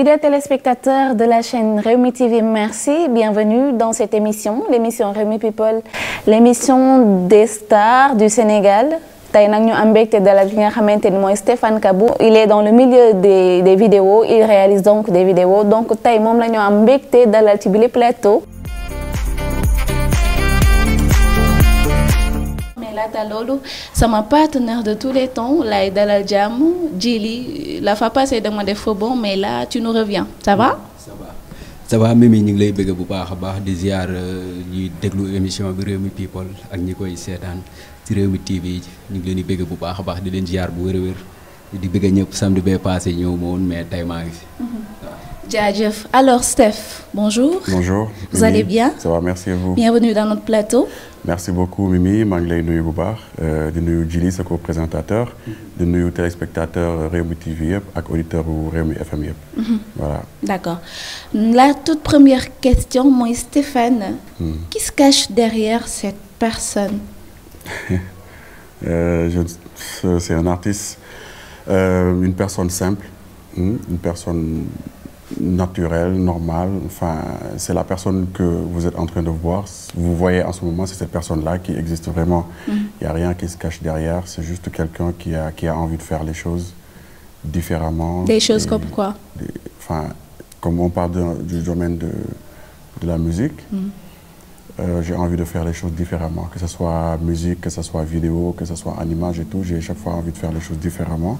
Fidèles téléspectateurs de la chaîne Réumi TV, merci. Bienvenue dans cette émission, l'émission Réumi People, l'émission des stars du Sénégal. tey nag ñu am mbégte dalal ki nga xamante ni mooy Stéphane Kabou il est dans le milieu des des vidéos il réalise donc des vidéos donc tey moom la ñu am mbégte dalal ci bile plateau. laata loolu sama partenaire de tous les temps lay dalal jàmm li la fa passé dama def fa bon mais laa ci nous reviens sama va. ça ñu ngi lay bëgg bu baax a baax di ziar euh, ñuy déglu émission bi réew Rewmi People ak ñi koy seetaan ci réew Rewmi TV ñu ngi leen di bëgg bu baax a baax di leen ziar bu wér-wér di bëgg ñëpp samedi bee passé ñëw ma woon mais tey maa ngi fi. Mhm. Jaajëf. Alors Steph, bonjour. Bonjour. Vous Mimi. merci à vous. Bienvenue dans notre plateau. Merci beaucoup Mimi, maa ngi lay nuyu bu baax euh, di nuyu Djily sa co-présentateur di nuyu téléspectateur Rewmi TV yëpp ak auditeur bu Rewmi FM yëpp. Mhm. Voilà. D'accord. La toute première question mooy Stéphane. Mm. Qui se cache derrière cette personne? Euh, c'est euh, une personne simple, hmm, une personne naturel, normal. Enfin, c'est la personne que vous êtes en train de voir. Vous voyez en ce moment, c'est cette personne-là qui existe vraiment. Mm. Il mm n'y a rien qui se cache derrière. C'est juste quelqu'un qui a, qui a envie de faire les choses différemment. comme on parle de, du domaine de, la musique, mm -hmm. euh, j'ai envie de faire les choses différemment. Que ce soit musique, que ce soit vidéo, que ce soit animage et tout, j'ai chaque fois envie de faire les choses différemment.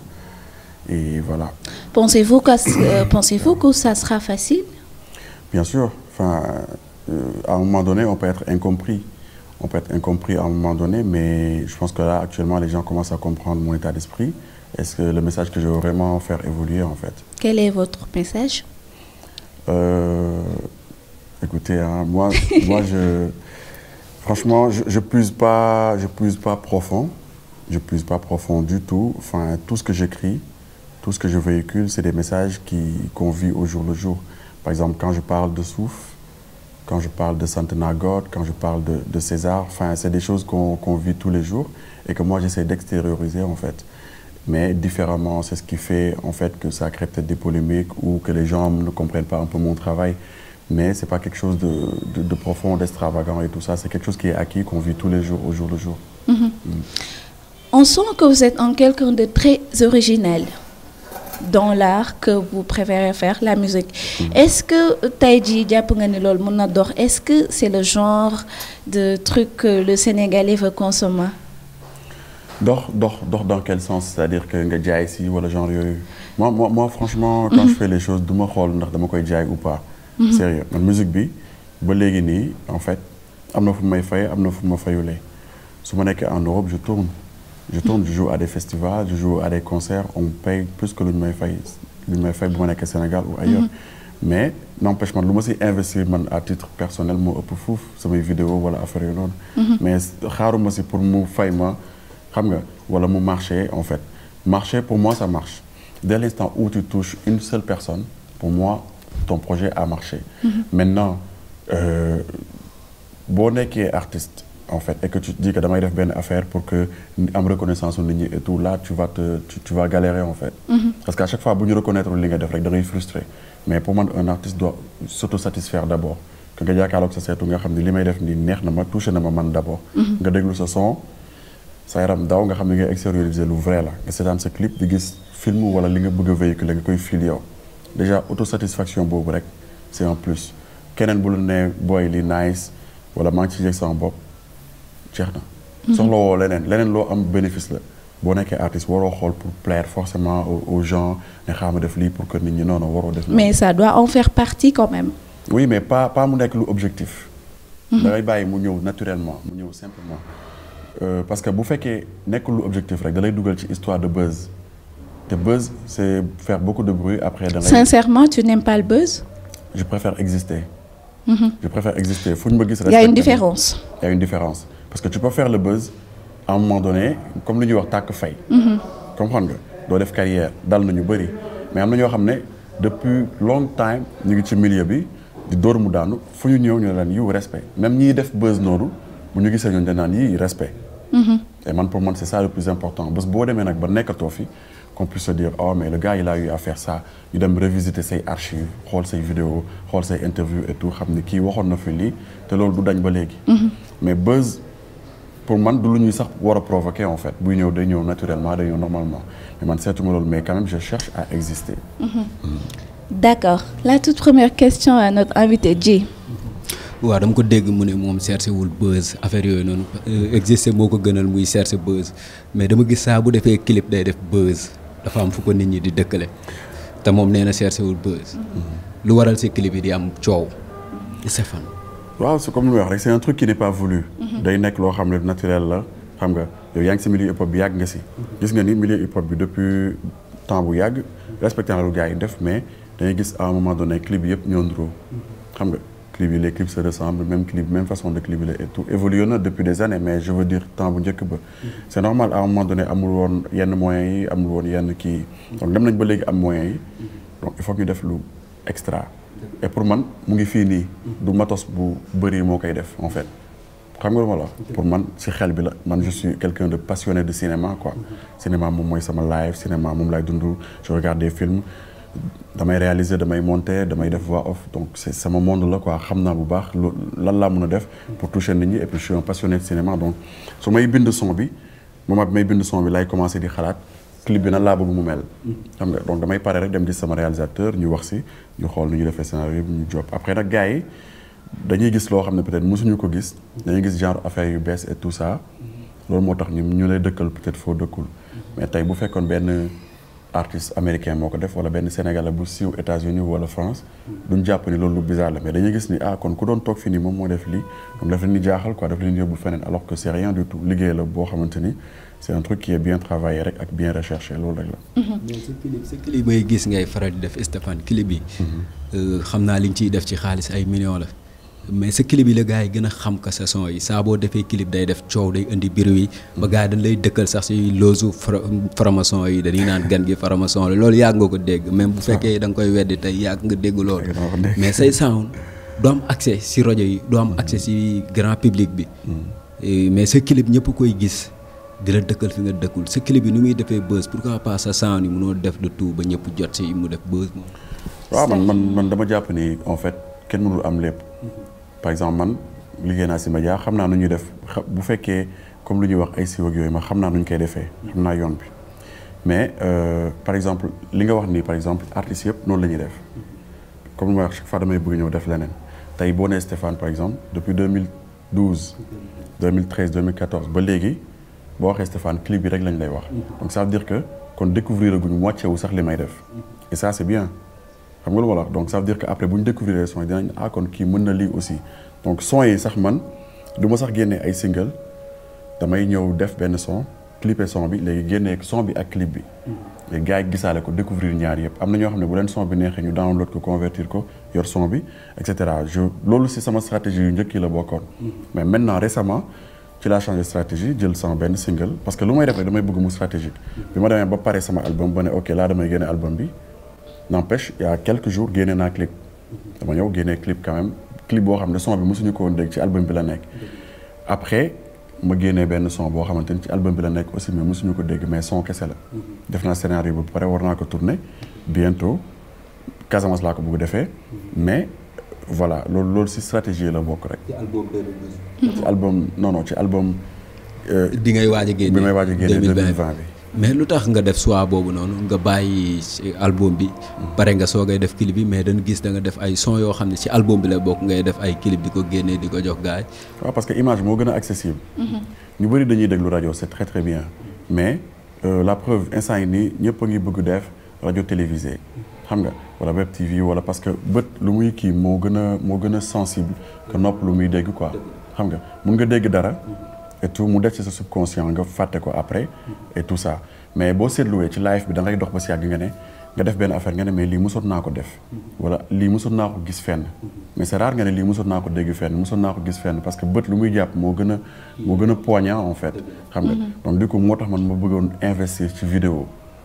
voilà. Pensez-vous que, euh, pensez que ça sera facile Bien sûr. Enfin, euh, à un moment donné, on peut être incompris. On peut être incompris à un moment donné, mais je pense que là, actuellement, les gens commencent à comprendre mon état d'esprit. Est-ce que le message que je veux vraiment faire évoluer, en fait Quel est votre message euh, Écoutez, hein, je, franchement, je ne je puise, pas, je puise pas profond. Je puise du tout ce que j'écris, tout ce que je véhicule, c'est des messages qu'on qu vit au jour le jour. Par exemple, quand je parle de Souf, quand je parle de Santenagod, quand je parle de, de César, enfin, c'est des choses qu'on qu vit tous les jours et que moi, j'essaie d'extérioriser, en fait. Mais différemment, c'est ce qui fait, en fait, que ça crée peut-être des polémiques ou que les gens ne comprennent pas un peu mon travail. Mais ce n'est pas quelque chose de, de, de profond, d'extravagant et tout ça. C'est quelque chose qui est acquis, qu'on vit tous les jours, au jour le jour. Mhm. Mm -hmm. mm. On sent que vous êtes en quelqu'un de très original. dans l'art que vous préférez faire la musique mm. est-ce que tey jii jàpp nga ni loolu mën na dox est-ce que c'est le genre de truc que le Sénégalais veut consommer dox dox dox dans quel sens c'est-à-dire que nga jaay si wala genre yooyu moi moi moi franchement quand mm-hmm. je fais les choses du ma xool ndax dama koy jaay ou pas mm-hmm. sérieux man musique bi ba léegi nii en fait am na fu may fay am na fu ma fayulee su ma nekkee en Europe je tourne je tourne je joue à des festivals je joue à des concerts on me paye plus que lu ñu may fay lu ñu may fay bu ma nekkee Sénégal ou ailleurs. Mhm. mais n'empêche man lu ma si investir man à titre personnel moo ëpp fuuf samay vidéo wala affaire yu noonu. Mhm. mais xaaruma si pour mu fay ma xam nga wala mu marché en fait marché pour moi ça marche dès l'instant où tu touches une seule personne pour moi ton projet a marché. Mhm. maintenant euh, boo euh, nekkee artiste. en fait et que tu damay def benn affaire pour que am reconnaissance nit ñi et tout tu vas tu, tu vas en fait. Mm -hmm. parce que à chaque fois bu ñu reconnaître li nga def rek da ngay frustré mais pour man un artiste doit s'autosatisfaire d'abord que nga jàkkaarloog sa seetu nga xam ne li may def nii neex na ma touché na ma man d'abord. Mm-hmm. nga déglu sa son sa yaram daw nga xam ne ngay extérioriser lu vrai la nga seetaan sa clip di gis film wala li nga bëgg a véhiculer nga koy fil yow déjà autosatisfaction boobu rek c'est un keneen bu lu nee booy li nice wala maa ngi ci yëg sama jeex na. soxla woo leneen leneen loo am bénéfice la boo nekkee artiste waroo xool pour plaire forcément aux gens ne xaaral ma def lii pour que nit ñi non waroo def. mais ça doit en faire partie quand même. oui mais pas pas mu nekk lu objectif. Mhm. da bàyyi mu ñëw naturellement mu ñëw simplement. Euh, parce que bu fekkee nekkul lu objectif rek da lay dugal ci histoire de buzz te buzz c'est faire beaucoup de bruit après. da lay sincèrement tu n'aimes pas le buzz. je préfère exister. Mhm. fu ñu ma gis. respecté a différence. parce que tu peux faire le buzz à un moment donné comme lu ñuy wax tàkk fay. Mhm. comprendre nga doo def carrière dal na ñu bëri mais am na ñoo xam ne depuis long time ñu ngi ci milieu bi di dóor mu daanu fu ñu ñëw ñu ne leen yiw respect même ñiy def buzz noonu bu ñu gisee ñoom dañ naan yii respect. Mhm. et man pour man c'est ça le plus important bés boo demee nag ba nekkatoo fi. qu'on puisse se dire oh mais le gars il a eu à ñu dem revisiter say archives xool say vidéos xool say interviews et xam ni kii waxoon na fi lii te loolu du dañ ba léegi. Mhm. pour man du lu ñuy sax war a provoquer en fait buy ñëw day ñëw naturellement day ñëw normalement mais man seetuma loolu mais quand même je cherche à exister. Mmh. Mmh. d'accord la toute première question à waaw dama ko dégg mu ne moom cherché wul buzz affaire yooyu noonu euh, exister moo ko gënal muy cherché buzz mais dama gis saa bu defee clip day def buzz dafa am fu ko nit ñi di dëkkale te moom nee na cherché wul buzz. Mm-hmm. lu waral si clip yi di am coow. c'est fan. waaw c'est comme lu may wax rek c'est un truc qui n'est pas voulu. Mhm. day nekk loo xam ne naturel la xam nga yow yaa ngi si milieu hip hop bi yàgg nga si. Mhm. gis nga ni milieu hip hop bi depuis temps bu yàgg respecté na lu gars yi def mais dañuy gis à un moment donné clip yëpp ñoo nduroo mhm. xam nga clip yi les clips se ressemblent même clip même façon de clip la et tout évolué na depuis des années mais je veux dire temps bu njëkk ba. c'est normal à moment donné amul woon yenn moyens yi amul woon yenn kii donc dem nañ ba léegi am moyens yi donc il ñu def lu extra. et pour man mu ngi fii nii du matos bu bëri moo koy def en fait xam nga lu la pour man si xel bi la man je suis quelqu'un de passionné de cinéma quoi mhm. cinéma moom mooy sama live cinéma moom laay dund je regarde des films damay réaliser damay monter damay def voix off donc c'est sama monde la quoi xam naa bu baax lu lan laa mun a def pour toucher nit ñi et puis je suis un passionné de cinéma donc su may bind son bi moment bi may bind son bi laay commencer di xalaat clip bi nan laa bëgg mu mel. xam nga donc damay pare rek dem gis sama réalisateur ñu wax si ñu xool nu ñu defee scénario bi ñu job après nag gars yi dañuy gis loo xam ne peut-être mosuñu ko gis. dañuy gis genre affaire yu bees et tout ça. loolu moo tax ñu ñu lay dëkkal peut-être foo dëkkul. mais tey bu fekkoon benn artiste américain moo ko def wala benn sénégalais bu siiw États-Unis wala France. duñ jàpp ni loolu lu bizarre mais dañuy gis ni ah kon ku doon toog fii nii moom moo def lii. jaaxal quoi daf leen di feneen alors que c'est liggéey la boo xamante ni. c'est un truc qui est bien travaillé rek ak bien recherché loolu rek la. mais sa clip sa clip may gis ngay faral di def Stéphane clip bi. Euh, xam naa li nga ciy def ci xaalis ay millions la. mais sa clip yi la yi gën a xam que sa son yi saa boo day def coow day indi biir yi. ba gars yi lay dëkkal sax si loosu formation yi dañuy naan gan gi formation la loolu yàgg ko dégg. même bu fekkee da koy weddi tey yàgg nga dégg loolu. mais say sound du am si rajo yi du am si grand public bi. Mm. mais sa clip ñëpp koy gis. di la dëkkal fi nga dëkkul sa clip bi nu muy defee buzz pourquoi pas sa sound yi munoo def de tout ba ñëpp jot si mu def buzz moom. waaw man man man dama jàpp ni en fait kenn mënul am lépp. Mm-hmm. par exemple man liggéey naa si média xam naa nu ñuy def bu fekkee comme lu ñuy wax ay siiw yooyu ma xam naa nu koy defee. naa yoon bi mais euh, par exemple li nga wax nii par exemple artistes yëpp noonu la ñuy def. Mm-hmm. comme li ma wax chaque fois damay bëgg ñëw def leneen tey boo nee Stéphane par exemple depuis 2012. 2013 2014 ba léegi. boo waxee Stéphane clip bi rek lañu lay wax donc ça veut dire que kon découvrir guñu moitié wu sax li may def et ça bien xam nga lu ma la donc ça veut dire que après bu ñu découvrir son yi dinañ ah kii mën na lii aussi donc son yi sax man du ma sax génnee ay single damay ñëw def benn son clipé son bi léegi génnee son bi ak clip bi mm. léegi gars yi gisaale ko découvrir ñaar yëpp am na ñoo xam ne bu leen son bi neexee ñu download ko convertir ko yor son bi et cetera je loolu si sama stratégie yu njëkk la bokkoon mm. mais maintenant récemment ci laa changé stratégie jël sama benn single parce que lu may def rek damay bëgg mu stratégique bi ma demee ba pare sama album ba ne ok laa damay génne album bi n'empêche il y a quelques jours génne naa clip dama ñëw génnee clip quand clip boo xam ne son bi mosuñu ko woon ci album bi la nekk après ma génnee benn son boo xamante ni ci album bi la nekk aussi mais mosuñu ko dégg mais son kese la def naa scénario ba pare war naa ko tourner bientôt Casamance laa ko bëgg defee mais voilà loolu loolu si stratégie la bokk rek. ci album ci album non non ci album. di euh, ngay waaj a génne bi may waaj a génne 2020 bi. mais lu tax nga def choix boobu noonu nga bàyyi album bi pare nga soogay def clip bi mais dañu gis da nga def ay son yoo xam ne ci album bi lay bokk ngay def ay clip di ko génnee di ko jox gars parce que image moo gën a accessible. Mm-hmm. ñu bëri dañuy déglu rajo c'est très très bien mais euh, la preuve instant yi nii ñëpp a ngi bëgg def rajo télévisée. xam nga wala web TV wala parce que bët lu muy kii moo gën a moo gën a sensible que nopp lu muy dégg quoi xam nga mun nga dégg dara et tout mu def ci sa subconscient nga fàtte ko après et tout ça mais boo seetluwee ci live bi da ngay dox ba si yàgg nga ne nga def benn affaire nga ne mais lii mosoon naa ko def wala lii mosoon naa ko gis fenn mais c'est rare nga ne lii mosoon naa ko dégg fenn mosoon naa ko gis fenn parce que bët lu muy jàpp moo gën a moo gën a poignant fait xam nga mm-hmm. donc du coup moo tax man ma bëggoon investir ci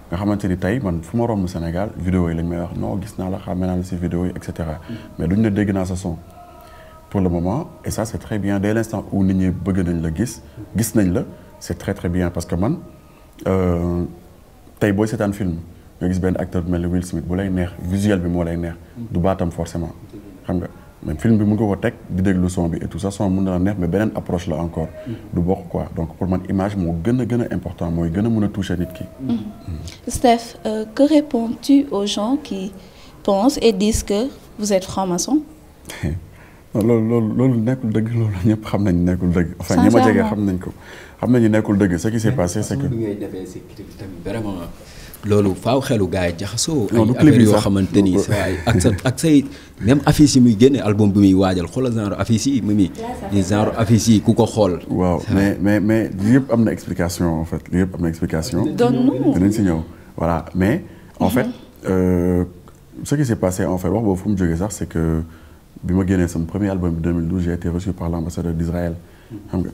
nga xamante ni tey man fu ma romb Sénégal vidéo yi lañ may wax non gis naa la xàmme naa la si vidéo yi et cetera mais duñ ne dégg naa sa son pour le moment et ça c' très bien de l' instant où nit ñi bëgg nañ la gis gis nañ la c' est très très bien parce que man euh, tey booy seetaan film nga gis benn acteur bu mel ni Will Smith bu lay neex visuel bi moo lay neex du baatam forcément xam nga même film bi mu nga ko teg di déglu son bi et tout ça son mën na neex mais beneen approche la encore mm-hmm. du bokk quoi donc pour man image moo gën a gën a important mooy gën a mën a toucher nit ki mm-hmm. Steph euh, que réponds-tu aux gens qui pensent et disent que vous êtes franc loolu loolu loolu nekkul dëgg loolu ñëpp xam nañu nekkul dëgg. enfin ñi ma jege xam nañ ko xam nañu nekkul dëgg ce qui s'est passé c'est que. loolu faaw xelu gars yi jaxasoo. ay affaire yoo xamante ni saa ak yi muy génne album bi muy waajal xoolal genre affiche yi mu muy. genre affiche yi ku ko xool. waaw mais mais mais yëpp am na explication en fait li yëpp am na explication. doon dinañ si ñëw voilà mais. en fait mm-hmm. euh, ce qui s'est passé en fait wax boobu fu mu jógee sax c'est que bi ma génnee sama premier album bi 2012 j'ai été reçu par l'ambassadeur d'Israël. nga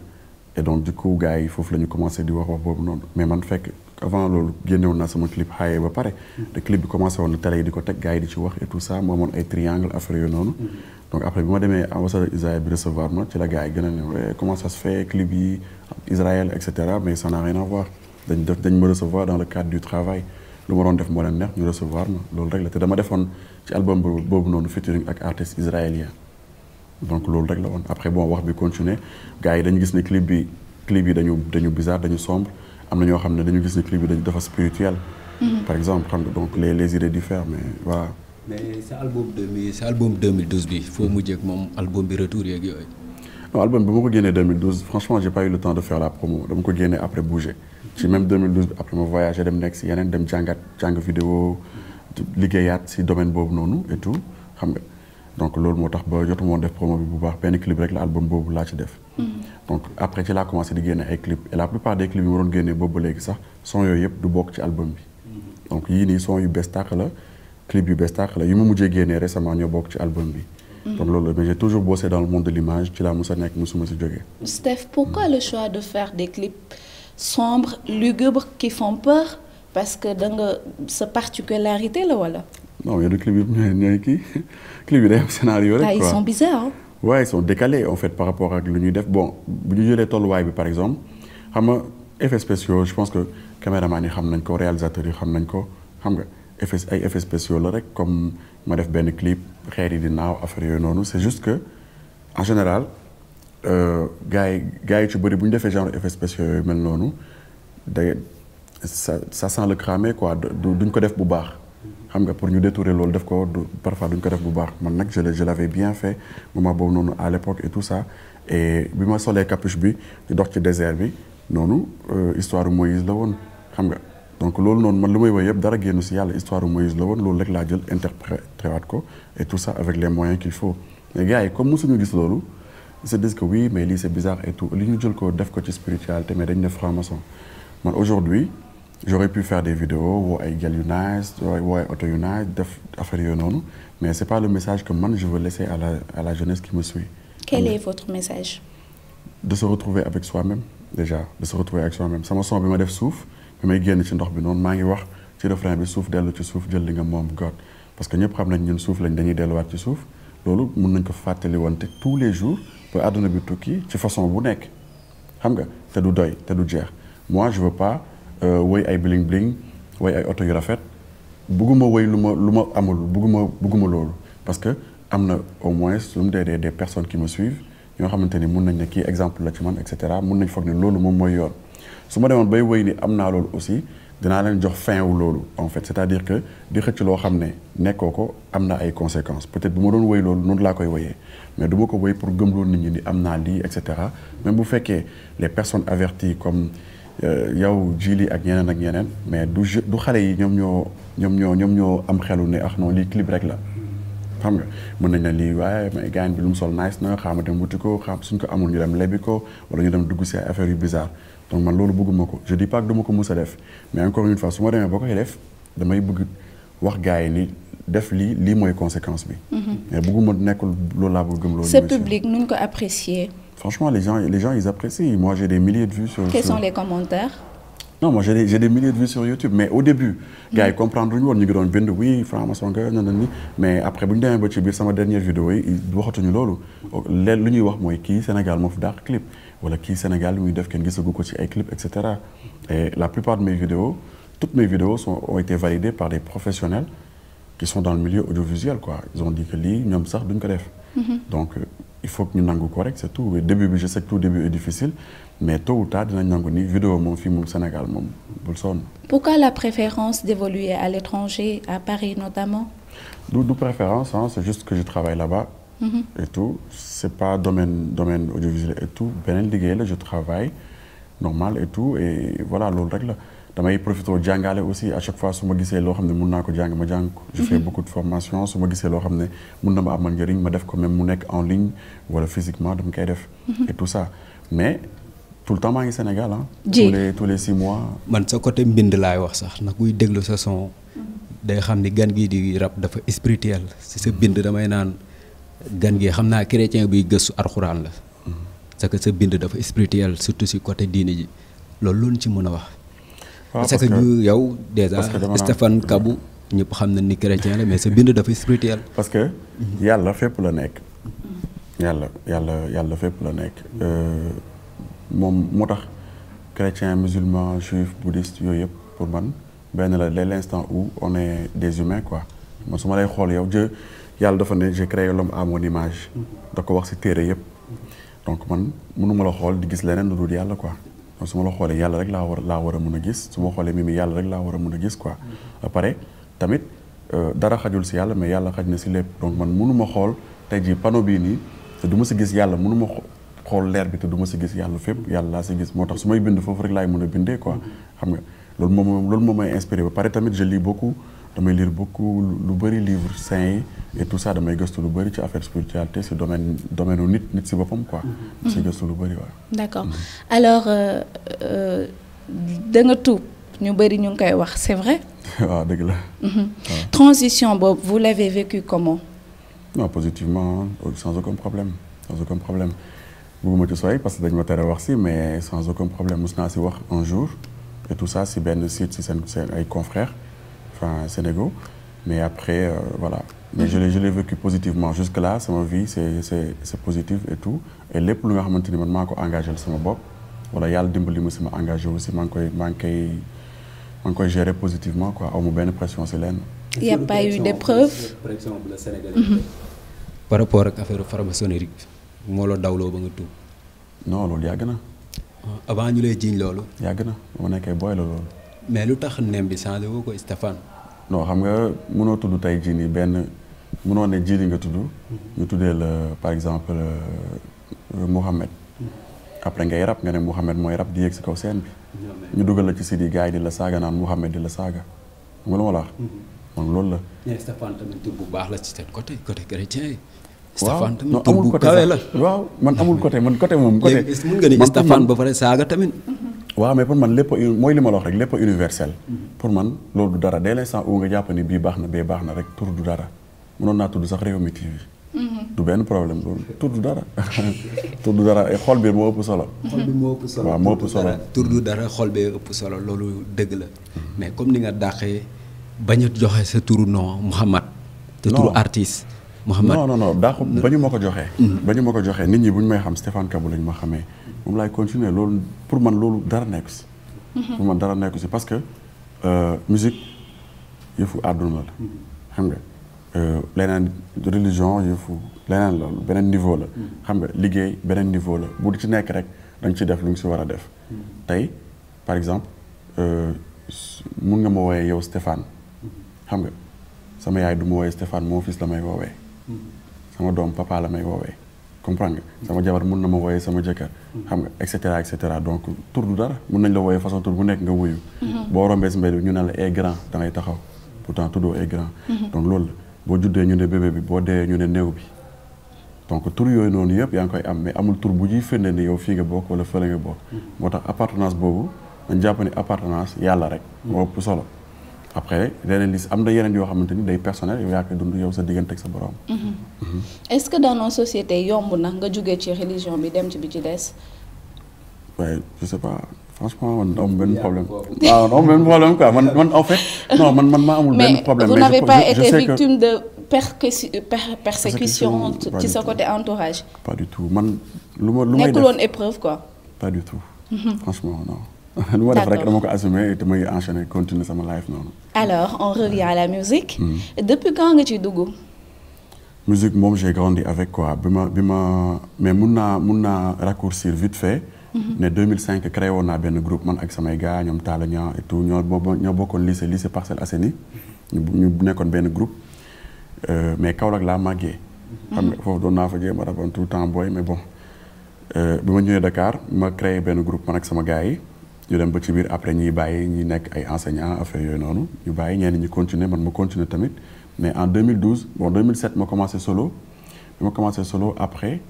et donc du coup gars yi foofu la ñu commencé di wax wax boobu noonu mais man fekk. avant loolu génnewoon naa sama clip xaayee ba pare te clip bi commencé woon na télé yi di ko teg gars yi di ci wax et tout ça moo amoon ay triangle affaire yooyu noonu mm-hmm. donc après bi ma demee ambassade Israël bi recevoir a n'a rien à voir dañ dañ ma recevoir dans le cadre du travail lu moo leen neex ñu recevoir loolu rek la te dama defoon ci album boobu noonu featuring ak artiste israélien donc loolu rek la woon après bon wax bi continuer gars yi dañu gis ne clip bi clip yi dañu dañu bizarre dañu sombre am na ñoo xam ne dañu gis ne clip bi dañ dafa spirituel. Mhm. par exemple xam nga donc les les idées diffèrent mais voilà. mais sa album 2000 sa bi foo mhm. moom album bi retour yeeg yooyu. non album bi ma ko génnee 2012 franchement j'ai pas eu le temps de faire la promo dama ko génnee après bouger ci même 2012 bi après ma voyagé dem nekk yeneen dem jàngat jàng vidéo liggéeyaat si domaine boobu noonu et tout xam nga donc loolu moo tax ba jotuma woon def promo bi bu baax benn clip rek la album boobu laa ci def. Mhm. donc après ci laa commencé di génne ay clip et la plupart des clips yi ma doon génne boobu ba léegi sax son yooyu yëpp du bokk ci album bi mm-hmm. donc yii nii son yu bees tàq la clip yu bees tàq la yi ma mujjee génnee récemment ñoo bokk ci album bi mm-hmm. donc loolu la mais j'ai toujours bossé dans le monde de l'image ci laa mos a nekk mosuma si jógee Steph pourquoi mm-hmm. le choix de faire des clips sombres lugubres qui font peur parce que da nga sa particularité la wala non mais du clip kii clip yi day am scénario waaye soo décalés en fait par rapport ak lu ñuy def bon bu ñu jëlee tolluwaay bi par exemple xam nga effets spéciaux que caméraman yi xam nañ ko réalisateurs yi xam nañ ko xam nga effets ay effets spéciaux la rek comme ma def benn clip xeer yi di naaw affaire yooyu noonu c'est juste que en général euh, gars yi gars yi ci bëri bu ñu defee genre effets spéciaux yooyu mel noonu day ça ça sent le cramé quoi duñ ko def bu baax. xam nga pour ñu détourer loolu def ko parfois duñ ko def bu baax man nag je je bien fait moment boobu noonu à l'époque et tout ça et bi ma solee capuche bi dox ci désert bi noonu euh, histoire Moïse la woon xam nga donc loolu noonu man li may woy yëpp dara génnu si yàlla histoire Moïse la woon loolu rek laa jël interprété waat ko et tout ça avec les moyens qu'il faut mais gars yi comme mosuñu gis loolu ils se disent que mais lii c'est bizarre et tout li ñu jël ko def ko ci spiritualité mais dañ def j'aurais pu faire des vidéos woo ay gel yu nice woo ay oto yu def affaire yooyu noonu mais c'est pas le message que man je veux laisser à la à jeunesse qui me suit. quel est votre message. de se retrouver avec soi-même déjà de se retrouver avec soi-même sama son bi ma def suuf bi may génn ci ndox bi noonu maa ngi wax ci refrain bi suuf dellu ci suuf jël li nga moom God parce que ñëpp xam nañ ñun suuf lañ dañuy delluwaat ci suuf loolu mun nañ ko fàttali wante tous les jours àdduna bi tukki ci façon bu nekk xam nga te du doy te du jeex moi je veux Euh, woy ay bling bling woy ay oto yu rafet bugguma woy lu ma lu ma amul bugguma bugguma loolu parce que am na au moins lu mu dee dee des personnes qui me suivent ñoo xamante ni mun nañ ne kii exemple la ci man et cetera mun nañ foog ne loolu moom mooy yoon su ma demoon bay woy ni am naa loolu aussi dinaa leen jox fin wu loolu en fait c'est-à-dire que di xëcc loo xam ne nekkoo ko am na ay conséquences peut-être bu ma doon woy loolu noonu laa koy woyee mais du ko woy pour gëmloo nit ñi ni am naa lii et cetera même bu fekkee les personnes averties comme Euh, yow jili ak ñeneen ak ñeneen mais du je du xale yi ñoom ñoo ñoom ñoo ñoom ñoo am xelu ne ax ah non lii clip rek la xam nga mën nañ na lii waaye mais gaañ bi lu mu sol nice na xaama dem wuti ko xam suñ ko amul ñu dem lebi ko wala ñu dem dugg si ay affaires yu bizarre donc man loolu bëgguma ko je dis pas que ko mës a def mais encore une fois su ma demee ba koy def damay bugg wax gars yi ni def lii lii mooy conséquence bi mm-hmm. mais bëgguma nekkul loolu laa bëgg gëm loolu sa public franchement, les gens, les gens, ils apprécient. Moi, j'ai des milliers de vues sur... Quels sur... sont les commentaires non, moi j'ai des, des, milliers de vues sur YouTube, mais au début, mm. gars, ils comprennent nous, on dit que oui, franc-maçon, mais après, quand on a sur ma dernière vidéo, ils doivent dire que ce qu'ils disent, c'est qui Sénégal m'a fait clip, etc. Et la plupart de mes vidéos, toutes mes vidéos sont, ont été validées par des professionnels qui sont dans le milieu audiovisuel. Quoi. Ils ont dit que les gens ne peuvent pas Mm-hmm. donc euh, il faut que nangu ko rek c'est tout début bi je sais que tout début est difficile mais tôt ou tard dinañ nangu ni vidéo moom fii moom Sénégal moom bul sonn. pourquoi la préférence d'évoluer à l'étranger à Paris notamment. du du préférence ah c'est juste que je travaille là-bas. Mm-hmm. et tout c'est pas domaine domaine et tout beneen liggéey la je travaille normal et tout et voilà loolu rek la. damay profité jàngale aussi à chaque fois su ma gisee loo xam ne mun naa ko jàng ma jàng ko. je fais mhm. beaucoup de ma loo xam ne mun na ma amal njëriñ ma def ko même mu nekk en ligne wala physiquement dama koy def. Mhm. et tout ça mais tout le temps maa ngi Sénégal tous les tous mois. man sa côté mbind laay wax sax nag kuy déglu sa son. Mhm. day xam ni gan gii di rab dafa spirituel si sa bind damay naan gan gi xam naa chrétien bii gëstu alxuraan la. parce que sa bind dafa spirituel surtout si côté diine ji loolu loolu ci mën a wax. Ah, parce que ñu yow a Stéphane mm. kabu ñëpp xam na ni chrétien la mais sa bind dafay spirituel. parce que yàlla fépp la nekk. yàlla yàlla yàlla fépp la nekk. Euh, moom moo tax chrétien musulman juif bouddhiste yooyu yëpp pour man benn la dès l'instant où on est des humains quoi man su ma lay xool yow Dieu yàlla dafa ne j'ai créé l'homme à mon image. da ko wax ci téere yëpp. donc man mënuma la xool di gis leneen lu dul yàlla quoi. man su ma la xoolee yàlla rek laa war laa war a mën a gis su ma xoolee mimi yàlla rek laa war a mën a gis quoi. Mm-hmm. ba pare tamit euh, dara xajul si yàlla mais yàlla xaj na si lépp donc man munuma xool tey jii panneau bii nii te du ma si gis yàlla mënu ma xool leer bi te du ma si gis yàlla fépp yàlla laa si gis moo tax su may bind foofu rek laay mun a bindee quoi mm-hmm. xam nga loolu moom loolu moom may inspiré ba pare tamit je bokku damay lire beaucoup lu bari livre saint yi et tout ça damay gëstu lu bëri ci affaire spiritualité si domaine domaine u nit si boppam ko si mm-hmm. gëstu lu bëri waaw. d'accord mm-hmm. alors euh, euh, da nga tuub ñu bëri ñu ngi koy wax c'est vrai. waaw dëgg la. Mm-hmm. transition boobu vous l'avez vécu comment. non positivement euh, sans aucun problème sans aucun problème bëgguma ci sooy parce que dañ ma tere wax si mais sans aucun problème mos naa si wax un jour et tout ça si benn site si seen seen ay confrères. enfin Sénégal mais après euh, voilà mais je l'ai je positivement jusque là sama vie c'est c'est c'est et tout et lépp lu nga xamante ni man maa ko engagé sama bopp wala yàlla dimbali ma si ma engagé aussi maa ngi koy maa ngi ngi koy gérer positivement quoi aw ma benn pression si leen il y a pas mhm. par rapport ak affaire franc-maçonnerie moo la dawloo ba nga tuub. non loolu yàgg na. Ah, avant ñu lay jiiñ loolu. yàgg na bu nekkee booy la loolu. mais lu tax nem bi changé woo ko Stéphane. non xam nga mënoo tudd tey jii nii benn mënoo ne jii nga tudd. Mhm. ñu tuddee la par exemple euh, Mouhamed. Mhm. après ngay rab nga ne Mouhamed mooy rab di yéeg si kaw seen bi. ñu dugal la ci sidi gars yi di la saaga naan Mouhamed di la saaga. xam nga lu ma la wax. Mhm. loolu la. mais Stéphane bu baax la ci seen côté côté chrétien yi. Stéphane tamit tur bu kawe la waaw man amul côté man côté moom. côté léegi mun nga ni Stéphane ba pare saaga tamit. waaw mais pour man lépp mooy li ma la wax rek lépp universel. Mm-hmm. pour man loolu du dara dès l'instant où nga jàpp ne bii baax na bee baax na rek pour du dara mënoon naa tudd sax Rewmi TV. Mm-hmm. du benn problème loolu tur du dara tur du dara xol bi moo ëpp solo. xol solo waaw moo ëpp solo. tur du dara xol bee ëpp solo loolu dëgg la mais comme ni nga dàqee bañ a joxe sa turu non Mouhamad. te turu artiste. Mouhamad non non non dàqu bañu ma ko joxee. Mm-hmm. bañu ma ko joxee nit ñi buñ may xam Stéphane Kabou lañ ma xamee. moom laay continuer loolu pour man loolu dara nekku si. Mhm. pour man dara nekku si parce que euh, musique yëfu àdduna la. Mhm. xam nga euh, leneen religion yëfu leneen la beneen niveau la. Mhm. xam nga liggéey beneen niveau la bu du ci nekk rek da nga ci def lu nga si war a def. tey par exemple euh, mun nga ma wooyee yow Stéphane. xam nga sama yaay du ma wooyee Stéphane moo fils la may woowee. sama doom papa la may woowee. comprendre nga sama jabar mun na ma wooyee sama jëkkër xam nga et cetera et cetera donc tour du dara mun nañ la wooyee façon tur bu nekk nga wuyu mhm. boo rombee si mbedd ñu ne la ay eh, grand da ngay taxaw pourtant tuddoo ay eh, grand mhm. donc loolu la boo juddee ñu ne bébé bi boo dee ñu ne néew bi donc tour yooyu noonu yëpp yaa ngi koy am mais amul tur bu ñuy firnde ni yow fii nga bokk wala fële nga bokk mhm. moo tax appartenance boobu dañ jàpp appartenance yàlla rek moo ëpp solo après leneen li am na yeneen yoo xamante ni day personnel yow yaa koy dund yow sa diggante ak sa borom. Mhm. Mhm. est-ce que dans nos sociétés yomb na nga jógee ci religion bi dem ci bi ci des. waaye je sais pas franchement man amul benn problème. waaw ah, non benn problème quoi man man en fait. non man man maa amul benn problème. mais pas du tout lu lu may def nekkul woon épreuve mhm. franchement non. lu ma def rek dama ko assumer te may enchaîner continuer sama life noonu. alors on revient à la musique. Hmm. depuis quand nga ciy dugg. musique moom j'ai grandi avec quoi bi ma bi ma mais mun naa mun naa raccourcir vite fait. Hmm. ne 2005 créé woon naa benn groupe man ak samay gars ñoom Talla Niang et tout ñoo boobu ñoo bokkoon lycée lycée Parcelles Assainies ñu nekkoon benn groupe euh, mais Kaolack laa màggee. Hmm. xam nga foofu doon naa fa jéem a tout temps booy mais bon euh, bi ma ñëwee Dakar ma créé benn groupe man ak sama gars yi. ñu dem ba ci biir après ñuy bàyyi ñi nekk ay enseignants affaire yooyu noonu ñu bàyyi ñenn ñi continuer man ma continuer tamit mais en 2012 bon 2007 ma commencé solo bi ma commencé solo après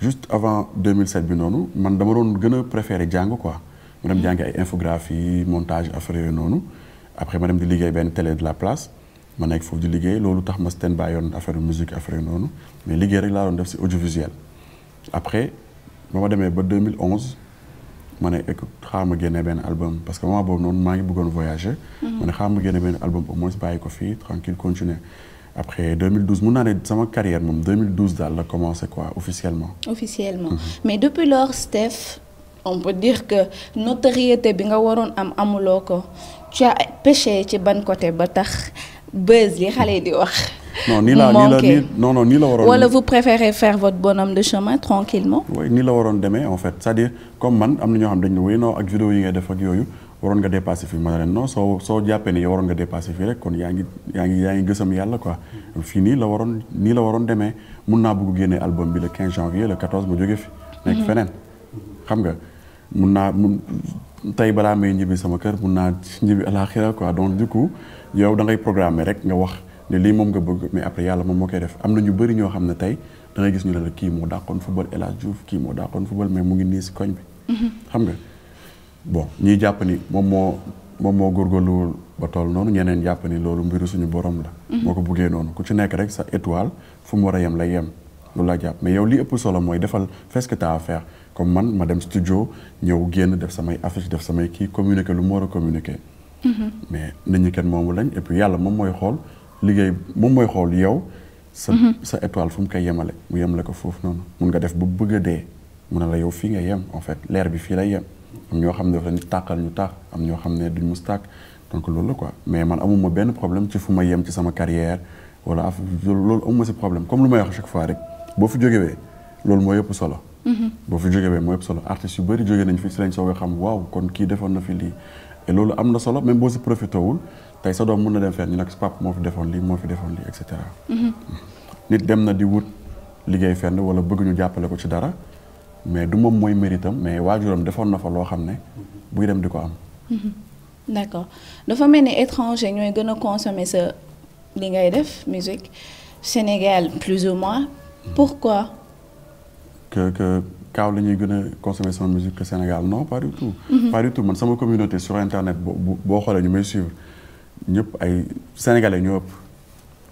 juste avant 2007 bi noonu man dama doon gën a préféré jàng quoi ma dem jàngi ay infographie montage affaire yooyu noonu après ma dem di liggéey benn télé de la place ma nekk foofu di liggéey loolu tax ma stand by yoon affaire musique affaire yooyu noonu mais liggéey rek laa doon def si audiovisuel après ba demee ba 2011 ma ne écoute xaaral ma génne benn album parce que moment boobu noonu maa ngi bëggoon voyager. Mhm. ma ne xaaral ma génne benn album au moins bàyyi ko fii tranquille continuer après 2012 mun naa ne sama carrière moom 2012 daal la commencé quoi officiellement. officiellement mhm. mais depuis lors Steph on peut dire que notoriété bi nga waroon am amuloo ko tu as ci ban côté ba tax buzz yi xale di wax. non nii la nii la la waroon. wala vous préférez nii la waroon demee en fait sa dire comme man am na ñoo xam dañ ne oui non ak vidéo yi ngay def ak yooyu waroon nga dépasser fii ma ne leen non soo soo jàppee ne yow waroon nga dépasser fii rek kon yaa ngi yaa ngi yaa ngi yàlla quoi. Mm. fii nii la waroon nii la waroon demee mun naa bëgg génne album bi le 15 janvier le 14 ma jóge fi. nekk mm-hmm. feneen xam nga mun naa mun tey balaa may ñibbi sama kër mun naa ñibbi àlaxira quoi donc du coup yow da ngay rek nga wax. ne lii moom nga bëgg mais après yàlla moom moo koy def am na ñu bëri ñoo xam ne tey da gis ñu ne la kii moo dàqoon football El Hadj Diouf kii moo dàqoon football mais mu ngi nii si koñ bi. Mm-hmm. xam nga bo ñiy jàpp ni moom moo moom moo góorgóorluwul ba tool noonu ñeneen jàpp ni loolu mbiru suñu borom la. Mm-hmm. moo ko buggee noonu ku ci nekk rek sa étoile fu mu war a yem lay yem loolu laa jàpp mais yow li ëpp solo mooy defal fais ce que t'as comme man ma dem studio ñëw génn def samay affiche def samay kii communiquer lu mu a communiquer. Mm-hmm. mais nit ñi kenn moomu lañ et puis yàlla moom mooy xool. liggéey moom mooy xool yow. sa mhm. sa étoile fu mu koy yemale mu yemale ko foofu noonu mun nga def ba bëgg dee mun na la yow fii nga yem en fait leer bi fii lay yem am ñoo xam ne dafa leen tàqal ñu taax am ñoo xam ne duñ mus tàkk donc loolu la ko mais man amuma benn problème ci fu ma yem ci sama carrière wala af loolu amuma si problème comme lu may wax à chaque fois rek boo fi jógewee loolu moo yëpp solo. Mhm. boo fi jógewee moo yëpp solo artistes yu bëri jóge nañ fi si lañ soog a xam waaw kon kii defoon na fi lii loolu am na solo même boo si profité wul. tey sa doom mun na dem fenn ñu nag papa moo fi defoon lii moo fi defoon lii et mm-hmm. nit dem na di wut liggéey fenn wala bëgg ñu jàppale ko ci dara mais du moom mooy méritam mais waajuram defoon na fa loo xam ne buy dem di ko am. Mm-hmm. d' dafa mel ni étranger ñooy gën a consommer sa li ngay def musique Sénégal plus ou moins pourquoi. que que kaaw la ñuy gën a consommer sama musique que Sénégal non pas du tout. Mm-hmm. pas du tout man sama communauté sur internet boo boo xoolee ñu may ñëpp ay sénégalais ñoo ëpp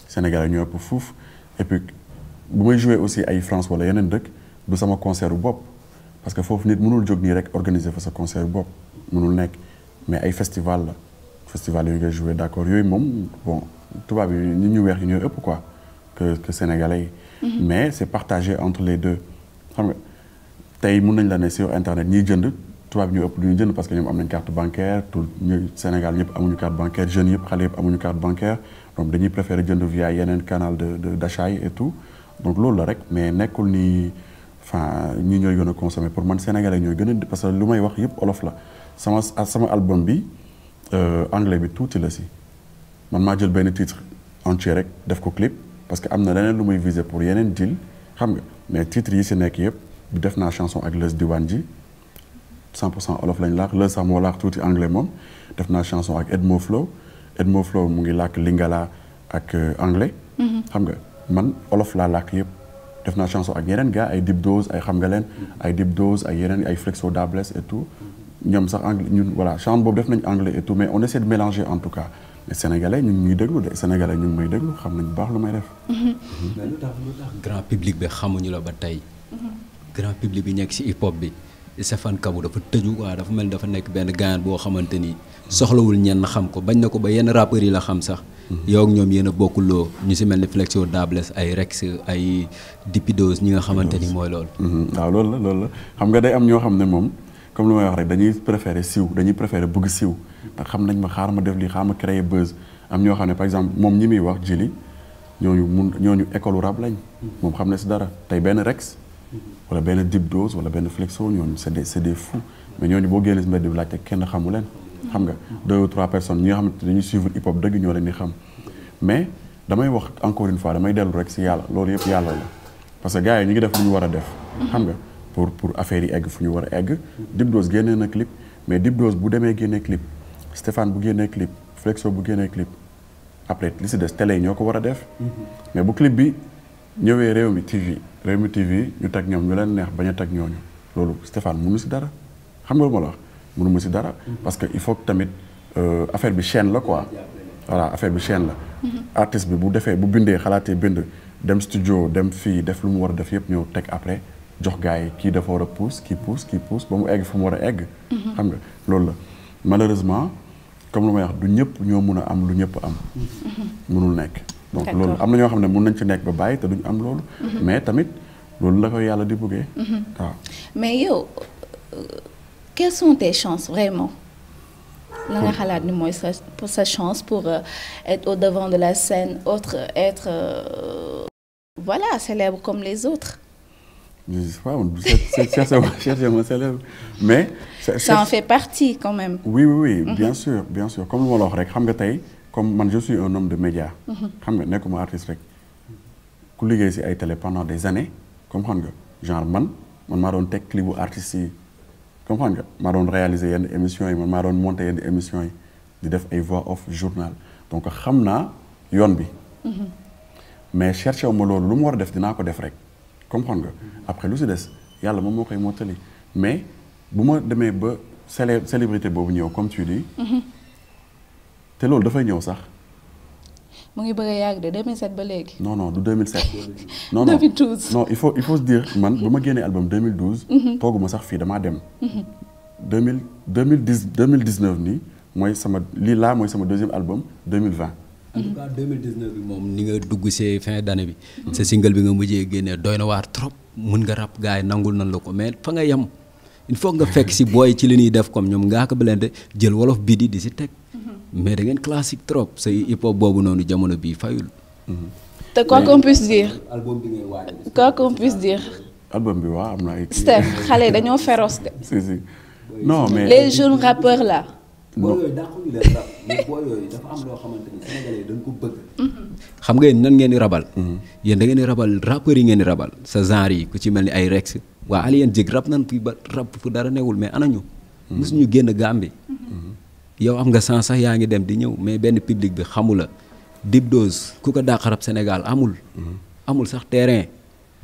sénégalais ñoo ëpp fuuf et puis bu may jouee aussi ay France wala yeneen dëkk du sama concert bu bopp parce que foofu nit mënul jóg nii rek organiser fa sa concert bu bopp mënul nekk mais ay festival la festival yooyu ngay jouer d'accord yooyu moom bon tubaab yi ñi ñu weex yi ñooy ëpp quoi que que yi. Mm-hmm. mais c'est partagé entre les deux xam nga tey mun nañ la ne sur internet ñiy jënd. tubaab ñu ëpp du ñu jënd parce que ñoom am nañ carte bancaire tout ñu Sénégal ñëpp amuñu carte bancaire jeunes yëpp xale yëpp amuñu carte bancaire dañuy préférer jënd via yeneen canal de de d'achat et tout donc loolu la rek mais nekkul nii enfin ñi ñooy gën a consommer pour man sénégalais ñooy gën a parce que lu may wax yëpp olof la sama sama album bi euh, anglais bi tuuti la si man maa jël benn titre entier rek def ko clip parce que am na leneen lu muy viser pour yeneen deal xam mais titres yi si nekk yëpp def naa chanson ak les diwaan ji. 100% olof lañ laax lël sax moo laax tuuti anglais moom def naa chanson ak Edmo Flow Edmo Flow mu ngi làkk lingala ak euh, anglais. Mhm. xam nga man olof laa làkk yëpp. def na chanson ak yeneen gaa ay Dip Doz ay xam nga leen. ay Dip Doz ay yeneen ay Flexo Dables et tout. ñoom sax anglais ñun voilà chanson boobu def nañ anglais et tout mais on essaie de mélanger en tout cas. mais sénégalais ñu ngi ñuy déglu de sénégalais ñu ngi may déglu xam nañu baax lu may def. Mhm. mais lu tax lu tax grand public bi xamuñu la ba tey. Mhm. grand public bi nekk ci hip hop bi. Stéphane Kabou dafa tëju waaw dafa mel ni dafa nekk benn gaañaan boo xamante ni soxlawul ñenn xam ko bañ na ko ba yenn rappeurs yi la xam sax. Mhm. yow ak ñoom yéen a bokkuloo ñu si mel ni Flexio Dables ay Rex ay Dipidos ñi nga xamante ni mooy loolu. Mhm. Mhm. waaw loolu la loolu la xam nga day am ñoo xam ne moom comme lu may wax rek dañuy préféré siiw dañuy préféré bëgg siiw ndax xam nañ ma xaar ma def lii xaar ma créer buzz am ñoo xam ne par exemple moom ñi muy wax jëli ñooñu mun ñooñu école rap lañ. xam ne si dara tey benn Rex. wala benn dip dose wala benn flexion ñooñu c'est des c'est des fous mais ñooñu boo génnee si mbedd bi laajte kenn xamu leen. xam nga deux ou trois personnes xamante dañuy suivre hip hop dëgg ñoo leen xam mais damay wax encore une fois damay dellu rek si yàlla loolu yëpp yàlla la parce que gars yi ñu ngi def lu ñu war a def. xam nga pour pour affaire yi egg fu ñu war a egg. dip dose génnee na clip mais dip bu demee génnee clip Stéphane bu génnee clip flexo bu génnee clip après li si des tele yi ñoo ko war a def. Mm-hmm. mais bu clip bi ñëwee réew mi TV. Rewmi TV ñu teg ñoom ñu leen neex bañ a teg ñooñu loolu Stéphane mënu si dara xam nga lu ma la wax ma si dara. parce que il faut que tamit euh, affaire bi chaîne la quoi. voilà affaire bi chaîne la. Mm-hmm. artiste bi bu defee bu bindee xalaatee bind dem studio dem fii def lu mu war a def yëpp ñëw teg après jox gars kii dafa war a pousse kii pouse kii pouse ba mu egg fu mu war a egg. Mm-hmm. xam nga loolu la malheureusement comme lu may wax du ñëpp ñoo mun a am lu ñëpp am. mënul mm-hmm. nekk. donc loolu am na ñoo xam ne mun nañ ci nekk ba bàyyi te duñ am loolu. Mhm. mais tamit loolu la ko yàlla di bëggee. Mhm. mais yow euh, quelles sont tes chances vraiment. la nga xalaat ni mooy sa sa chance pour euh, être au devant de la scène autre être euh, voilà célèbre comme les autres. je chercher ma célèbre mais. ça en fait partie quand même. oui oui oui mhm. bien sûr bien sûr comme lu ma rek xam nga tey. comme man je suis un homme de média xam nga nekkuma artiste rek ku liggéey si ay télé pendant des années comme xam nga genre man man maa doon teg clip bu artistes yi comme xam nga maa doon réaliser yenn émissions yi man maa doon monter yenn émissions yi di def ay voix off journal donc xam naa yoon bi mais cherché wu ma loolu lu mu war a def dinaa ko def rek comme xam nga après lu si des yàlla moom moo koy mottali mais bu ma demee ba célé célébrité boobu ñëw comme te loolu dafay ñëw sax. mu ngi bëgg a yàgg de 2007 ba léegi. non non du 2007. non non 2012 non il faut il faut se dire man ba ma génnee album 2012. Mhm. sax fii damaa dem. 2000 2010 2019 nii mooy sama lii laa mooy sama deuxième album 2020. en tout cas 2019 bi moom ni nga dugg see fin d'année bi. sa single bi nga mujjee génnee doy na waar trop mën nga rap gars yi nangul nan la ko mais fa nga yem il faut nga fekk si booy ci li ñuy def comme ñoom nga ko de jël wolof bii di di si teg. mais dangeen ngeen trop say hip hop boobu noonu jamono bii fayul. te quoi qu'on puisse dire. album bi ngay bi waaw am na ay. Steph xale dañoo féroce de. mais les jeunes rappeurs là. Mm-hmm. xam nga yéen nan ngeen di rabal. Mm-hmm. yéen da ngeen di rabal rappeurs yi ngeen di rabal. sa genre yi ku ci mel ni ay Rex. waa Alioune Dieng rab nan fi ba rab fu dara newul mais ana ñu. mosuñu mm-hmm. génn Gambie. yow am nga sens sax yaa ngi dem di ñëw mais benn public bi xamu la Dip Doz ku ko dàq rab Sénégal amul. amul sax terrain.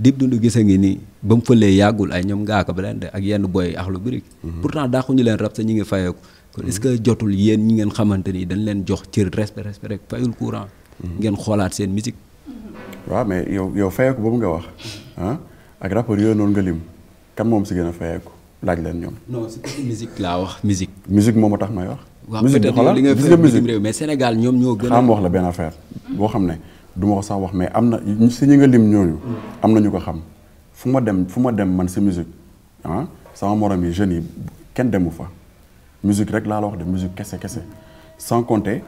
Dip Doundou gis a ngi nii ba mu fëlee yàggul ay ñoom ngaaka Blindé ak yenn boy yi Akhlou Brick. Mhm. pourtant ñu leen rab sax ñu ngi fayeeku. kon est-ce mhm. que jotul yéen ñi ngeen xamante ni dañ leen jox cër respect respect rek fayul courant. Mhm. ngeen xoolaat seen musique. waaw mais yow yow fayeeku boobu nga wax ah ak rapport yooyu noonu nga lim kan moom si gën fayeeku laaj leen ñoom. non laa wax musique. musique moom a tax may wax. musique bi xoolal gis nga musique réew mais Sénégal ñoom ñoo gën a xam wax la benn affaire boo xam ne duma ma ko sax wax mais am na si ñi nga lim ñooñu. am na ñu ko xam fu ma dem fu ma dem man si musique ah sama morom yi jeunes yi kenn demu fa. musique rek laa la wax de musique kese kese sans compter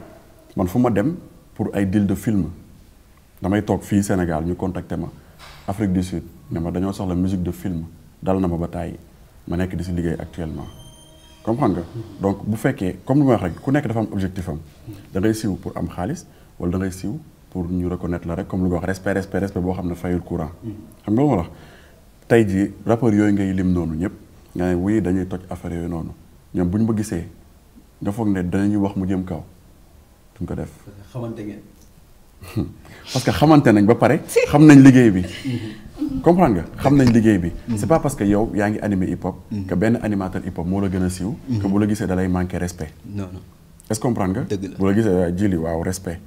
man fu ma dem pour ay deal de film damay toog fii Sénégal ñu contacté ma Afrique du Sud ne ma dañoo soxla musique de film dal na ma ba tàyyi ma nekk di si liggéey actuellement. comprendre nga donc bu fekkee comme lu ma wax rek ku nekk dafa am objectif am da ngay siiw pour am xaalis wala da ngay siiw pour ñu reconnaître la rek comme lu ma wax respect respect respect boo xam ne fayul courant. xam nga lu ma wax tey jii rapport yooyu ngay lim noonu ñëpp nga ne wuy dañuy toj affaire yooyu noonu ñoom bu ñu ma gisee nga foog ne danañuy wax mu jëm kaw duñ ko def. xamante parce que xamante nañ ba pare. xam nañ liggéey bi. Mm-hmm. comprendre nga xam nañ liggéey bi mm-hmm. c'est pas parce que yow yaa ngi animé hip hop mm-hmm. que benn animateur hip hop moo la gën a siiw que mm-hmm. bu la gisee da lay manqué respect non non est-ce comprendre nga bu la gisee ah, jili waaw respect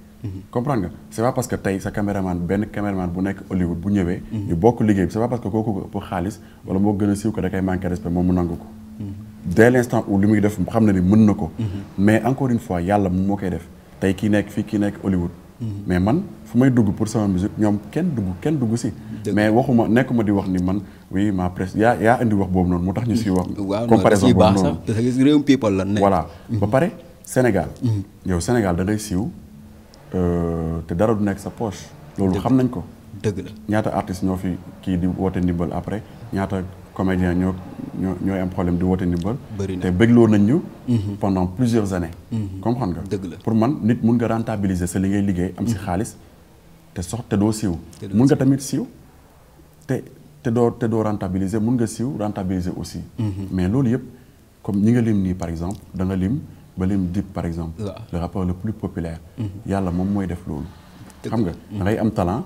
comprendre nga c'est pas parce que tey sa caméraman benn caméraman bu nekk Hollywood bu ñëwee ñu bokk liggéey bi c'est pas parce que kooku ko xaalis wala moo gën a siiw que da koy manqué respect moom mu nangu ko dès l'instant où li muy def xam fii kii nekk Hollywood mais man fu may dugg pour sama musique ñoom kenn dugg kenn dugg si. mais waxuma nekkuma di wax ni man oui ma presse yaa yaa indi wax boobu noonu moo tax ñu siy wax. comparaison boobu noonu parce que réewum people la ba pare Sénégal. Mm-hmm. yow Sénégal da ngay siiw euh, te dara du nekk sa poche. loolu xam nañ ko. dëgg la ñaata artistes ñoo fi kii di woote ndimbal après ñaata. comédien ñoo ñoo ñooy am problème di woote ndimbal. bëri na te bégloo nañ ñu. Mhm. pendant plusieurs années. Mhm. comme xam nga pour man nit mun nga rentabiliser sa li ngay liggéey. am si mhm. xaalis te sox te doo siiw. mun nga tamit siiw te te doo te doo rentabiliser mun nga siiw rentabiliser aussi. mais loolu yëpp comme ñi nga lim nii par exemple da nga lim ba lim Dip par exemple. le rappeur le plus populaire. yàlla moom mooy def loolu. xam nga da am talent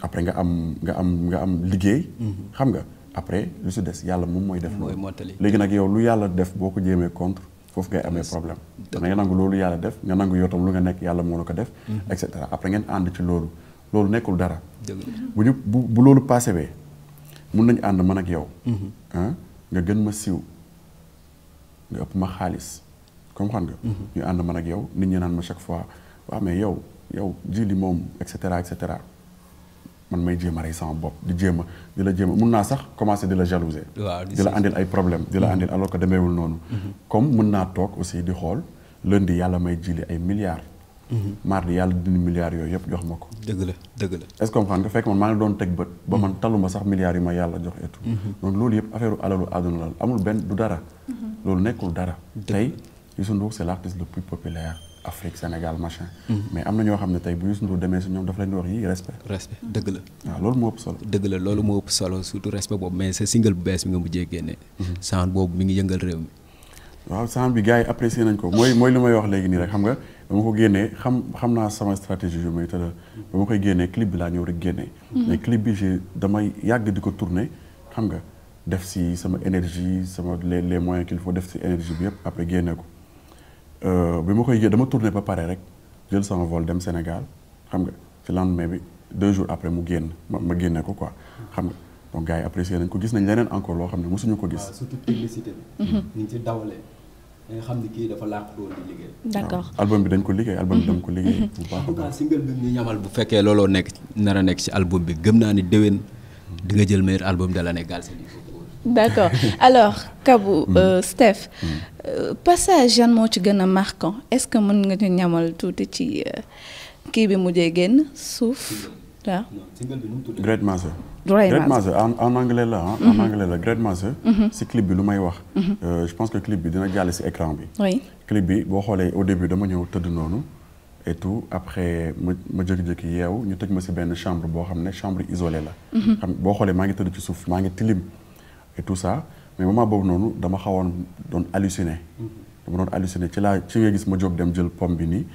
après nga am nga am nga am liggéey. xam nga. après lu si des yàlla moom mooy def loolu léegi nag yow lu yàlla def boo ko jéemee contre foofu ngay amee problème nga nangu loolu yàlla def nga nangu yow tam lu nga nekk yàlla moo la ko def mm-hmm. et après ngeen ànd ci loolu loolu nekkul dara bu bu loolu passé bee mun nañu ànd man ak yow mm-hmm. nga gën ma siiw nga ëpp ma xaalis comme xam nga mm-hmm. ñu ànd man ak yow nit ñi naan ma chaque fois waaw amee yow yow ji li moom et cetera et cetera man may jéem a rey sama bopp di jéem a di la jéem mun naa sax commencer di la jalouser. di la andil ay problème di la mhm. andil alors que demeewul noonu. Mhm. comme mun naa toog aussi di xool lundi yàlla may jili ay milliards. Mhm. mardi yàlla dindi milliards yooyu yëpp jox ma ko. dëgg la dëgg la. est-ce xam nga fekk man maa ngi doon teg bët. ba man taluma sax milliards yi ma yàlla jox et tout. loolu yëpp affaire alalu àdduna la amul benn du dara. loolu nekkul dara. tey Youssou Ndour c'est l'artiste le plus populaire. Afrique Sénégal machin. Mhm. mais am na ñoo xam ne tey bu Youssou Ndour demee si ñoom daf leen di wax yi respect. respect dëgg la. waaw loolu moo ëpp solo. dëgg la loolu moo ëpp solo surtout respect boobu mais sa single bu bees mi nga mujjee génne. Mhm. sound boobu mi ngi yëngal réew mi. waaw sound bi gars yi apprécié nañ ko mooy mooy li may wax léegi nii rek xam nga ba ma ko génnee xam xam naa sama stratégie yu may tëral ba ma koy génnee clip bi laa ñëw rek génnee. Mhm. mais clip bi j' damay yàgg di ko tourner xam nga def si sama énergie sama les les moyens qu'il faut def si énergie bi après génne ko. Euh, bi ma koy jël dama tourné ba pare rek jël sama vol dem Sénégal xam nga ci lendemain bi deux jours après mu génn ma ma génne ko quoi xam nga donc gars yi apprécié ko gis nañ leneen encore loo xam ne mosuñu ko gis. waaw surtout publicité bi. Mhm. ni ñu xam ni kii album bi dañ ko liggéey. album bi dañ ko liggéey bu baax a baax. single bi bu fekkee looloo nekk nar a nekk ci album bi gëm naa ni déwén di nga jël meilleur album de l'année Galsen d'accord alors Kabou mm. euh, Steph mm. euh, passage yan moo ci gën a marquant est-ce que mën nga ñu ñamal tuuti ci euh, kii bi mujjee génn suuf waaw. Great Master. Great Master en en anglais la ah. en mm-hmm. anglais la Great Master. Mm-hmm. clip bi lu may wax. Mm-hmm. Euh, je pense que clip bi dina jàll si écran bi. clip bi boo xoolee au début dama ñëw tëdd noonu. et tout après ma ma jékki-jékki yeewu ñu tëj ma si benn chambre boo xam ne chambre isolée la. xam boo xoolee maa ngi tëdd ci suuf maa ngi tilim. et tout ça mais moment boobu noonu dama xawoon doon halluciné dama doon halluciné ci laa ci nga gis ma joog dem jël pomme bi nii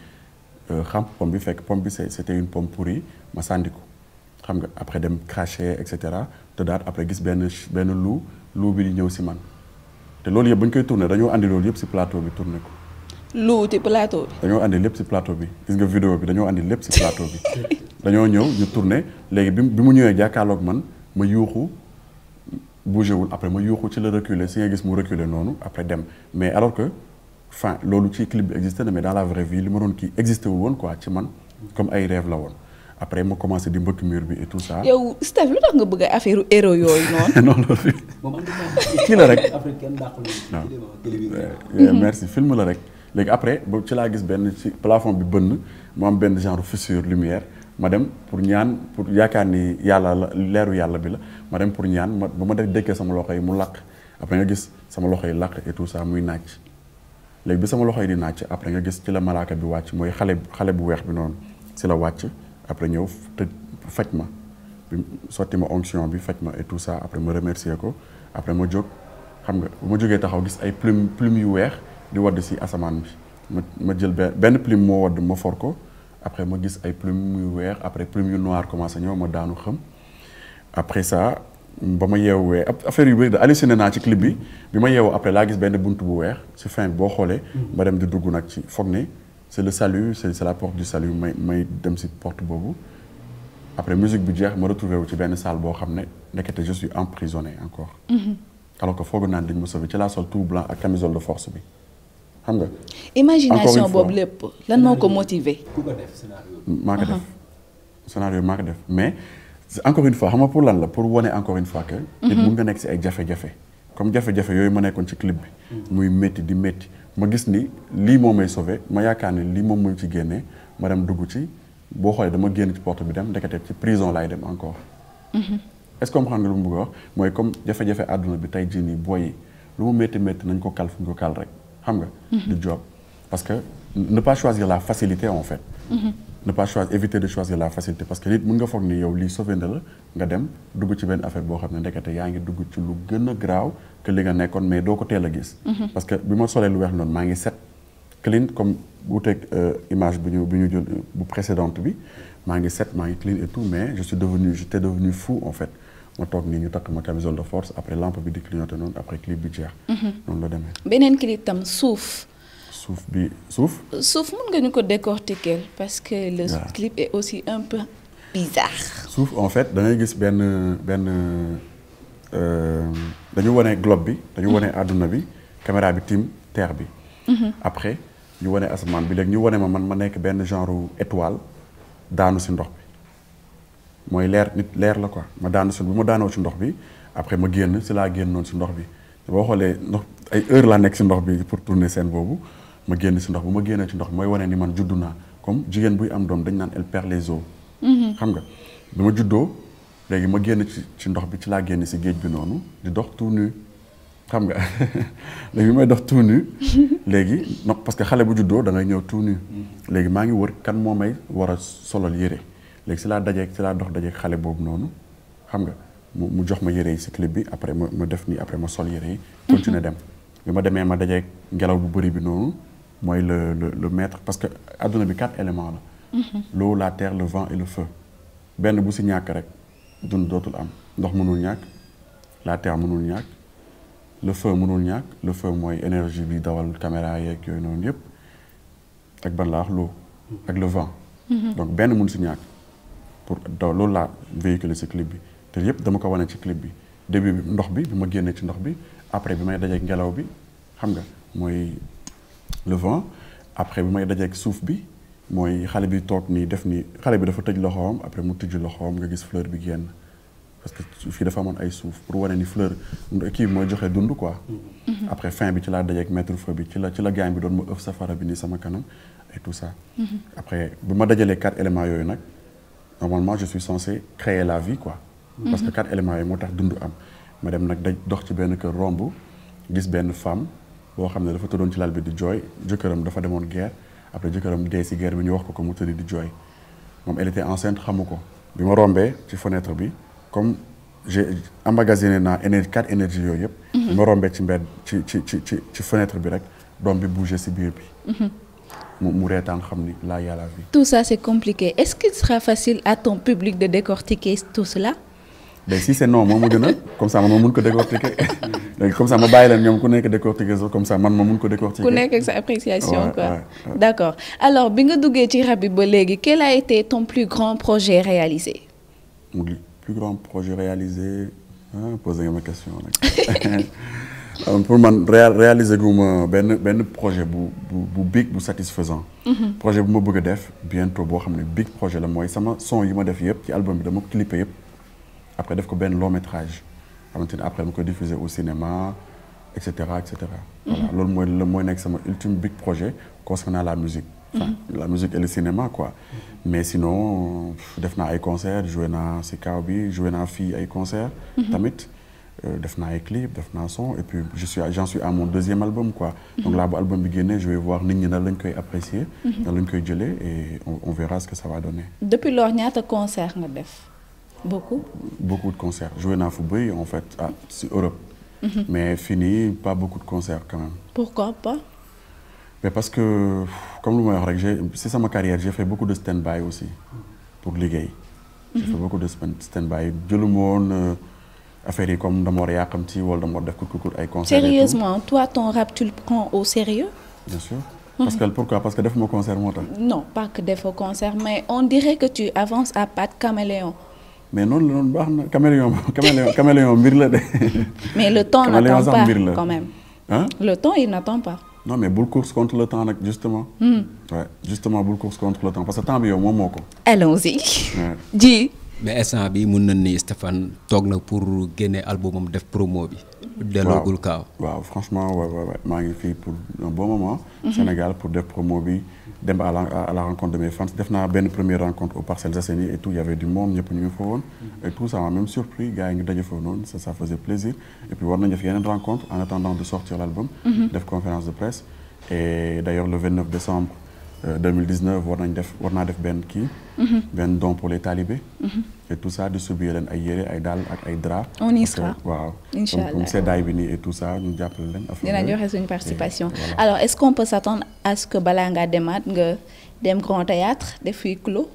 euh, xam pomme bi fekk pomme bi c'était une pomme pourrie ma sànni ko xam nga après dem cracher et cetera te daat après gis benn benn lu lu bi ñëw si man te loolu yëpp ba ñu koy tourné dañoo andi loolu yëpp si plateau bi tourné ko. lu ci plateau bi. dañoo andi lépp si plateau bi gis nga vidéo bi dañoo andi lépp si plateau bi dañoo ñëw ñu tourné léegi bi mu ñëwee jàkkaarloog man ma yuuxu. bougé wul après ma yuuxu ci la reculer si nga gis mu reculer noonu après dem mais alors que enfin loolu ci clip bi existé na mais dans la vraie vie li ma doon kii existé wul woon quoi ci man comme ay rêve la woon après ma commencé di mbëkk mur bi et tout ça. yow Steph lu tax nga bëgg a affaire héros yooyu noonu. non loolu kii la rek. Mhm. film la rek léegi après ba ci laa gis benn ci plafond bi bënn mu am benn genre fissure lumière. ma dem pour ñaan pour yaakaar ni yàlla la leeru yàlla bi la ma dem pour ñaan ma ba ma def dëkkee sama loxo yi mu làq après nga gis sama loxo yi làq et tout ça muy naaj léegi bi sama loxo yi di naaj après nga gis ci la malaaka bi wàcc mooy xale xale bu weex bi noonu si la wàcc après ñëw tëj faj ma sotti ma onction bi faj ma et tout ça après ma remercier ko après ma jóg xam nga bu ma jógee taxaw gis ay plume plume yu weex di wadd si asamaan bi ma ma jël benn plume moo wadd ma for ko après ma gis ay plume yu weex après plume yu noir commencé ñëw ma daanu xam après ça ba ma yeewee affaire yu bëri da halluciné naa ci clip bi bi ma yeewoo après laa gis benn bunt bu weex si fin bi boo xoolee mm. ma dem di dugg nag ci foog ne c'est le salut c'est la porte du salut may dem si porte boobu après musique bi jeex ma retrouvé wu ci benn salle boo xam ne nekkete je suis emprisonné encore mm-hmm. alors que foog naan dañ ma sauvé ci laa sol tout blanc de force bi xam nga. imagination boobu lépp lan moo ko motiver. ku ko def scénario mm, maa ko def scénario maa ko def mais encore une fois xam nga pour lan la pour wane encore une fois que. Mhm. mun nga nekk si ay jafe-jafe. comme jafe ma nekkoon ci clip bi. Mm. muy métti di métti ma gis ni lii moom may sauvé ma yaakaar ne lii moom mooy ci génnee ma dem dugg ci boo xoolee dama génn ci porte bi dem ndekete ci prison laay dem encore. Mhm. est-ce que comprendre nga lu mu bëgg wax mooy comme jafe-jafe àdduna bi tey jii nii booy yi lu mu métti métti nañ ko kal fu ñu ko rek. xam nga. du job parce que ne pas choisir la facilité en fait. ne pas choisir éviter de choisir la facilité parce que nit mën nga foog ni yow lii sauvé la nga dem dugg ci benn affaire boo xam ne ndekete yaa ngi dugg ci lu gën a graaw que li nga nekkoon mais doo ko teel a gis. parce que bi ma solee lu weex noonu maa ngi set clean comme wuuteeg euh, image bu ñu bu ñu jël euh, bu bi maa ngi set maa ngi clean et tout mais je suis devenu j'étais fou en fait. ma toog nii ñu takk ma camisole de force après lampe bi di clignoté noonu après clip bi jeex. Mhm. noonu la demee. beneen clip tam suuf. suuf bi suuf. suuf mun nga ñu ko décortiquer parce que le clip est aussi un peu bizarre. suuf en fait da gis benn benn euh, dañu wone globe bi. dañu wane mhm. àdduna bi caméra bi tiim terre bi. Mhm. après ñu wone asamaan bi léegi ñu wane ma man ma nekk benn genre étoile daanu si ndox mooy leer nit leer la ko ma daanu su bu ma daanoo ci ndox bi après ma génn si laa génnoon si ndox bi boo xoolee ndox ay heure laa nekk si ndox bi pour tourner seen boobu ma génn si ndox bu ma génnee ci ndox bi mooy wane ni man juddu naa comme jigéen buy am doom dañ naan elle perd les os. Mm-hmm. xam nga bi ma juddoo léegi ma génn ci ci ndox bi ci laa génn si géej bi noonu di dox tout nu xam nga léegi may dox tout léegi no parce que xale bu juddoo da ñëw tout mm-hmm. léegi maa ngi wër kan moo may war a solal yére. léegi si laa dajeeg si laa dox dajeeg xale boobu noonu xam nga mu mu jox ma yére yi si clip bi après ma ma def nii après ma sol yére yi. Mhm. continuer dem bi ma demee ma dajeeg ngelaw bu bëri bi noonu mooy le le le maître parce que àdduna bi quatre éléments la. Mhm. l'eau la terre le vent et le feu benn bu si ñàkk rek dund dootul am ndox mënul ñàkk la terre mënul ñàkk le feu mënul ñàkk le feu mooy énergie bi dawal caméra yeeg yooyu noonu yëpp ak ban la wax l'eau ak le vent. Mhm. donc benn mun si ñàkk. pour daw loolu laa véhiculer si clip bi te yëpp dama ko wane ci clip bi début bi ndox bi bi ma génnee ci ndox bi après bi may dajeeg ngelaw bi xam nga mooy le vent après bi may dajeeg suuf bi mooy xale bi toog nii def nii xale bi dafa tëj loxoom après mu tijji loxoom nga gis fleur bi génn parce que fii dafa amoon ay suuf pour wane ni fleur kii mooy joxe dund quoi. Mhm. après fin bi ci laa dajeeg maître feu bi ci la ci la gaañ bi doon ma ëff safara bi ni sama kanam et tout ça. Mhm. après bi ma dajalee quatre éléments yooyu nag. normalement je suis censé créer la vie quoi. Mhm. parce que quatre éléments yi moo tax dund am. ma dem nag daj dox ci benn kër romb gis benn femme boo xam ne dafa tëddoon ci lal bi di jooy jëkkëram dafa demoon guerre après jëkkëram dee si geer bi ñu wax ko ko mu tëddi di joy moom elle était enceinte xamu ko. bi ma rombee ci fenêtre bi comme j'ai emmagasiné naa énergie quatre énergie yooyu yëpp. Mhm. bi ma rombee ci mbedd ci ci ci ci fenêtre bi rek doom bi bougé si biir bi. Mhm. mu mu reetaan xam ni là a la vie. tout ça c'est compliqué est-ce qu'il sera facile à ton public de décortiquer tout cela. mais si c'est non moom mu gën a comme ça man ko décortiquer léegi comme ça ma bàyyi leen ñoom décortiquer sax comme ça man ko décortiquer. ku nekk ak sa appréciation quoi d'accord alors bi nga duggee ci rab bi ba léegi quel a été ton plus grand projet réalisé. mon plus grand projet réalisé ah posé nga ma question nag. Euh, pour man réaliser gu ma benn benn projet bu bu bu big bu satisfaisant. Mhm. projet bu ma bëgg def bientôt boo xam ne big projet la mooy sama son yi ma def yëpp ci album bi dama ko clipper yëpp après def ko benn long métrage xamante ni après ma ko diffuser au cinéma et cetera et cetera. Mhm. loolu mooy la mooy nekk sama ultime big projet concernant la musique. Enfin, mhm. la musique et le cinéma quoi. mais sinon def naa ay concert joué naa si kaw bi joué naa fii ay concert tamit. Euh, def naa ay clip def naa son et puis je suis j'en suis à mon deuxième album quoi. Mhm. donc là bu album bi génnee je vais voir nit ñi nan lañ koy apprécier. Mhm. nan lañ koy jëlee et on verra ce que ça va donner. depuis lors ñaata concert nga def. beaucoup. de concerts joué naa fu bëri en fait ah si Europe. Mhm. mais fii nii pas beaucoup de concerts quand même. pourquoi pas. mais parce que comme lu may wax rek j'ai si sama carrière j'ai fait beaucoup de stand-by pour liggéey. j'ai fait beaucoup de stand affaire yi comme dama war a sérieusement toi ton rap tu le prends au sérieux bien sûr mhm. parce que pourquoi parce concert moo non pas que defoo concert mais on dirait que tu avances à pas caméléon mais noonu la noonu baax na caméléon caméléon de mais le temps n'attend pas non mais bul course contre le temps nag justement mhm. ouais justement bul course contre le temps parce que temps bi allons-y ji mais instant bi mun na ni Stéphane toog na pour génne albumam def promo bi. delloogul kaaw waaw franchement waaw waaw maa ngi fii pour un bon moment. Mhm. Sénégal pour def promo bi dem à la rencontre de mes fans def naa benn première rencontre aux Parcelles Assainies et tout y avait du monde ñëpp ñu fa woon. Mhm. et tout ça m'a même surpris yi ngi daje foofu noonu ça ça faisait plaisir et war nañu def yeneen rencontre en attendant de sortir l'album. Mhm. def conférence de presse et d'ailleurs 2019 euh, war nañ def war naa def benn kii. Mm-hmm. benn don pour les talibés. Mm-hmm. et tout ça distribuer leen ay yére ay daal ak ay drap. on y sera waaw. incha allah comme seddaay bi nii et tout ça ñu jàppale leen. affaire dina joxe suñu est ce qu'on peut s'attendre à ce que balaa ngaa demaat nga dem grand théâtre def clos.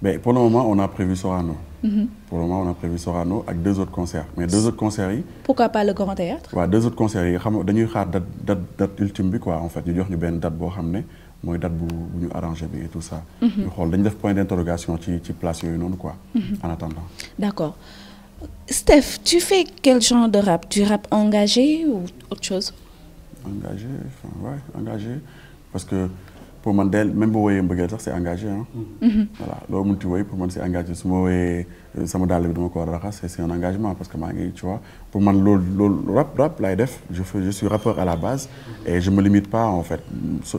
mais pour le moment on a prévu Sorano. Mm-hmm. pour le moment on a prévu Sorano ak deux autres concerts mais deux autres concerts yi. pourquoi pas le grand théâtre waaw deux autres concerts dañuy xaar date date bi quoi en jox ñu benn date boo xam ne. mooy date bu bu ñu arrangé bi et tout ça. Mhm. ñu xool dañu def point d' interrogation ci ci place yooyu noonu quoi. Mhm. en attendant. d' accord Steph tu fais quel de rap du rap engagé ou autre chose. engagé enfin ouais engagé parce que pour man del même bu woyee mbëggeel sax c' est engagé ah. voilà loo mënti woy pour man c' est engagé su ma woyee. Euh, sama dàll bi dama ko a raxas c'est un engagement parce que maa ngi tu pour man loolu rap rap laay def je suis rappeur à la base et je me limite pas en fait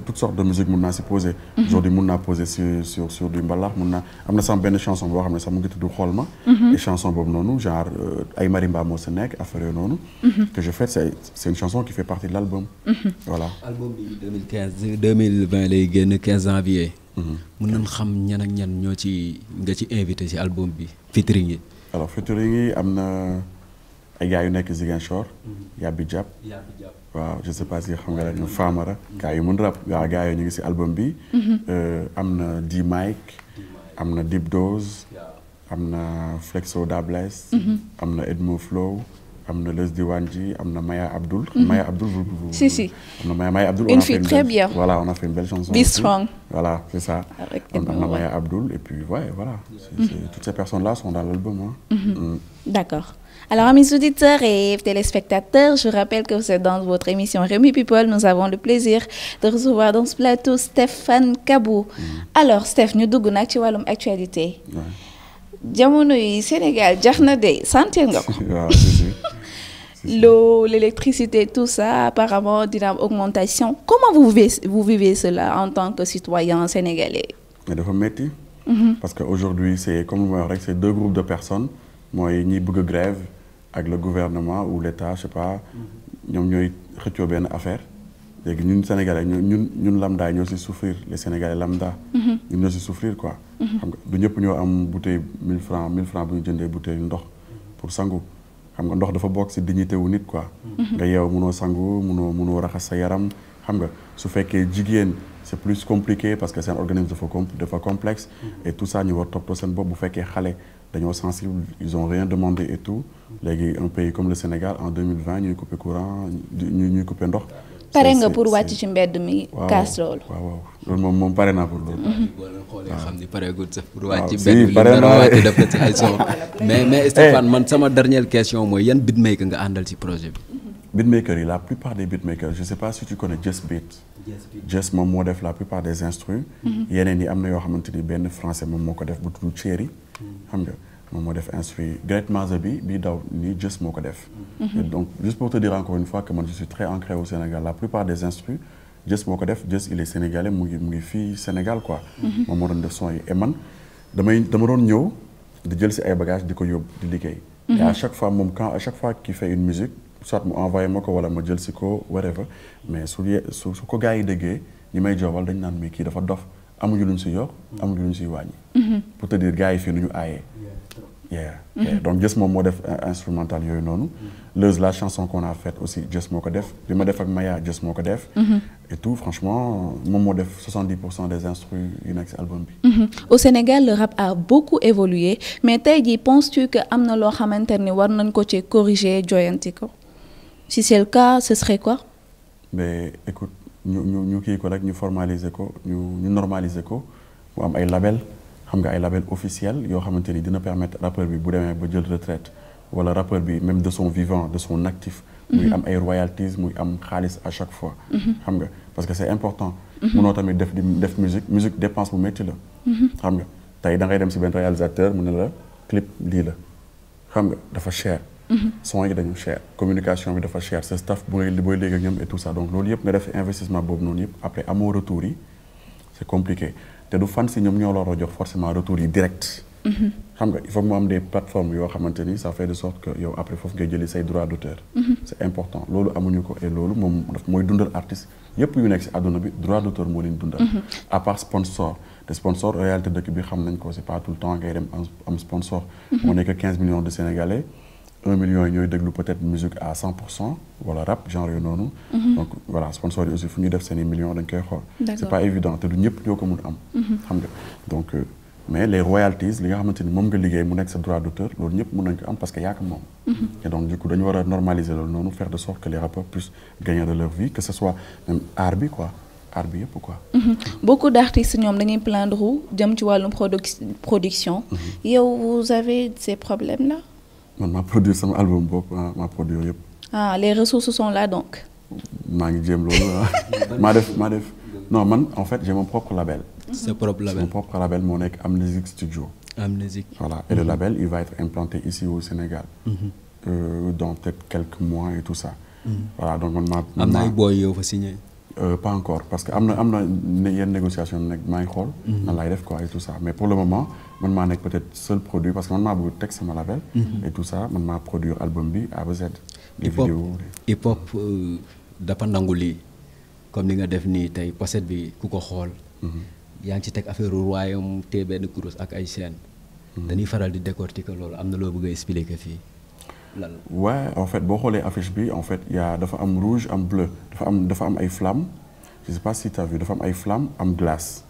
toutes sortes de musique mun naa si poser mhm. aujourd'hui mun naa poser sur du mbalax mun naa am na sama benn chanson boo xam ne sax mu ngi tudd xool ma mhm. et chanson boobu noonu genre euh, ay marimba moo sa nekk affaire yooyu noonu mhm. que je fais c'est c'est une chanson qui fait partie de l'album voilà album bi lay génn ñoo ci nga ci bi featuring yi. alors am na ay gars yu nekk Ziguinchor. Mhm. Yabi Diab. waaw je sais pas xam nga rek ñu faamara mhm. gars yu mun rap waaw gars yi ñu ngi si album bi. Mhm. Euh, am na D Mike. am na Deep Dose. am na Flexo Dabless. am na Edmo Flow. am na Leuz Diwane ji am na Maya Abdul. Mhm. Maya Abdul. si si am na Maya Maya Abdul. une fille très bien on a fait une belle chanson. Be strong voilà c'est ça. am na Maya Abdul et puis ouais voilà. Mhm. toutes ces personnes là sont dans l'album mhm. mm. D'accord. Alors, amis auditeurs et téléspectateurs, je rappelle que vous êtes dans votre émission Rémi People. Nous avons le plaisir de recevoir dans ce plateau Stéphane Kabou. Mm. Alors, Steph, nous avons une actualité. jamono yi Sénégal jax na de sentir nga ko. l'électricité, tout ça, apparemment, il y a une augmentation. Comment vous vivez, cela en tant que citoyen sénégalais Mais de métier. Mm -hmm. Parce qu'aujourd'hui, c'est comme c'est deux groupes de personnes. Moi, il y a grève avec le gouvernement ou l'État, je ne sais pas. Ils ont une affaire. léegi ñun sénégalais ñun ñun ñun lambda ñoo si souffrir les sénégalais lambda. Mhm. ñun si souffrir quoi. Mhm. xam nga du ñëpp ñoo am bouteille 1000 francs mille francs bu ñu jëndee bouteille ndox pour sangu xam nga ndox dafa bokk si dignité wu nit quoi. Mhm. nga yeew mënoo sangu mënoo mënoo raxas sa yaram xam nga su fekkee jigéen c'est plus compliqué parce que seen organisme dafa com dafa complexe. et tout ça ñu war toppatoo seen bopp bu fekkee xale dañoo sensible ils ont rien demandé et tout léegi un comme le Sénégal en 2020 ñuy couper courant ñuy ñuy couper ndox. pare nga pour wàcc ci mbedd mi. kaas loolu waaw waaw loolu moom moom pare naa pour loolu. Mhm. boo leen xoolee xam ni pareegul sax pour wàcc ci mbedd mi li dara wàcc def ko ci ay son mais mais eh. Stéphane man sama dernière question mooy yan beatmaker nga àndal ci projet bi. Mhm. beatmaker yi la plupart des beatmakers je sais pas si tu connais Just Beat. Just moom moo def la plupart des instrus. Mhm. yeneen yi am na yoo xamante ni benn français moom moo ko def bu tudd Thierry. xam nga. moom moo def instruit Great Maza bi bii daw nii just moo ko def. Mhm. donc juste pour te dire encore une fois que man je suis très ancré au Sénégal la plupart des instruits just moo ko def just il est sénégalais mu ngi mu ngi fii Sénégal quoi. Mhm. moom moo doon def son yi et man damay dama doon ñëw di jël si ay bagages di ko yóbbu di liggéey. Mhm. et à chaque fois moom quand à chaque fois qu'il fait une musique soit mu envoyé ma ko wala ma jël si ko whatever mais su su su ko gars yi déggee ñi may joobal dañ naan mais kii dafa dof amuñu luñ si yokk amuñu luñ si wàññi. pour te gars yi fii nu ñu aayee. yeah mm-hmm. donc Jess moom moo def euh, instrumental yooyu noonu. Mm-hmm. Leuz la chanson qu'on a faite aussi Jess moo ko def li ma def ak Maya Jess moo ko def. Mm-hmm. et tout franchement moom moo def 70 pour cent des instrus yu nekk si bi. au Sénégal le rap a beaucoup évolué mais tey jii penses-tu que am na loo xamante ni war nañ ko ci corriger joyanti ko si c'est le cas ce serait ko mais écoute ñu ñu ñu kii ko rek ñu formaliser ko ñu ñu normaliser ko mu am ay label xam nga ay label officiel yoo xamante ni dina permettre rappeur bi bu demee ba jël retrait wala rappeur bi même de son vivant de son actif mhm. muy am ay royalties muy am xaalis à chaque fois mhm. xam nga parce que c'est important mënoo mhm. tamit def di def musique musique dépense bu métti la xam nga tey da ngay dem si benn réalisateur mu ne la clip lii la xam nga dafa cher son yi dañu cher communication bi dafa cher sa staff bu ngay booy léegi ak et tout ça donc loolu yëpp nga def investissement boobu noonu yëpp après amoo retour yi te du fan si ñoom ñoo la war a jox forcément retour yi direct mhm. xam nga il faut que mu am des plateformes yoo xamante ni ça fait de sorte que yow après foofu ngay jëli say droit d'auteur mhm. c'est important loolu amuñu ko et loolu moom daf mooy dundal artiste yëpp yu nekk si àdduna bi droit d'auteur moo leen dundal mhm. à part sponsor te sponsor réalité dëkk bi xam nañ ko c'est pas tout le temps ngay dem am sponsor moo nekk 15 de sénégalais un million yi ñooy déglu peut-être à cent pour genre yooyu noonu. Mhm. donc voilà sponsor yi fu ñuy def seen i dañ koy xool. c'est pas évident te du ñëpp ñoo mhm. euh, nga liggéey mu nekk sa droit d'auteur loolu ñëpp mun nañ ko am parce que yaa ko moom. Mhm. donc du dañu war a normaliser loolu noonu faire de sorte que les rappeurs puissent gagner de leur vie que ce soit même art bi quoi. art bi yëpp quoi. ñoom dañuy plaindre jëm ci wàllum production. man maa produire sama album bopp ah, maa produire yëpp. ah les ressources sont là donc. maa ngi jéem loolu ah. maa def maa def non man en fait j'ai mon propre label. c'est propre label mon propre label moo nekk Amnesic Studio. Amnesic voilà et le mhm. label il va être implanté ici au Sénégal. Mhm. Euh, dans peut-être quelques mois et tout ça. Mhm. voilà donc man maa. am na ay booy yow fa signé. Euh, pas encore parce que am na am na yenn négociation nag maa ngi xool. nan laay def quoi et tout ça mais pour le moment. man maa nekk peut-être seul produit parce que man maa bëgg teg sama label. Mhm. et tout ça man maa produire album bi A ba Z. les vidéos hip hop euh, dafa nangu lii comme li nga def nii tey pochette bi ku ko xool. Mhm. yaa ngi ci teg affaire royaume te benn kurus ak ay chaînes. Mhm. dañuy faral di décortiquer loolu am na loo bëgg a expliquer fii. lan ouais en fait boo xoolee affiche bi en fait y a dafa am rouge am bleu dafa am dafa am ay flammes je sais pas si tu dafa am ay flammes am glace.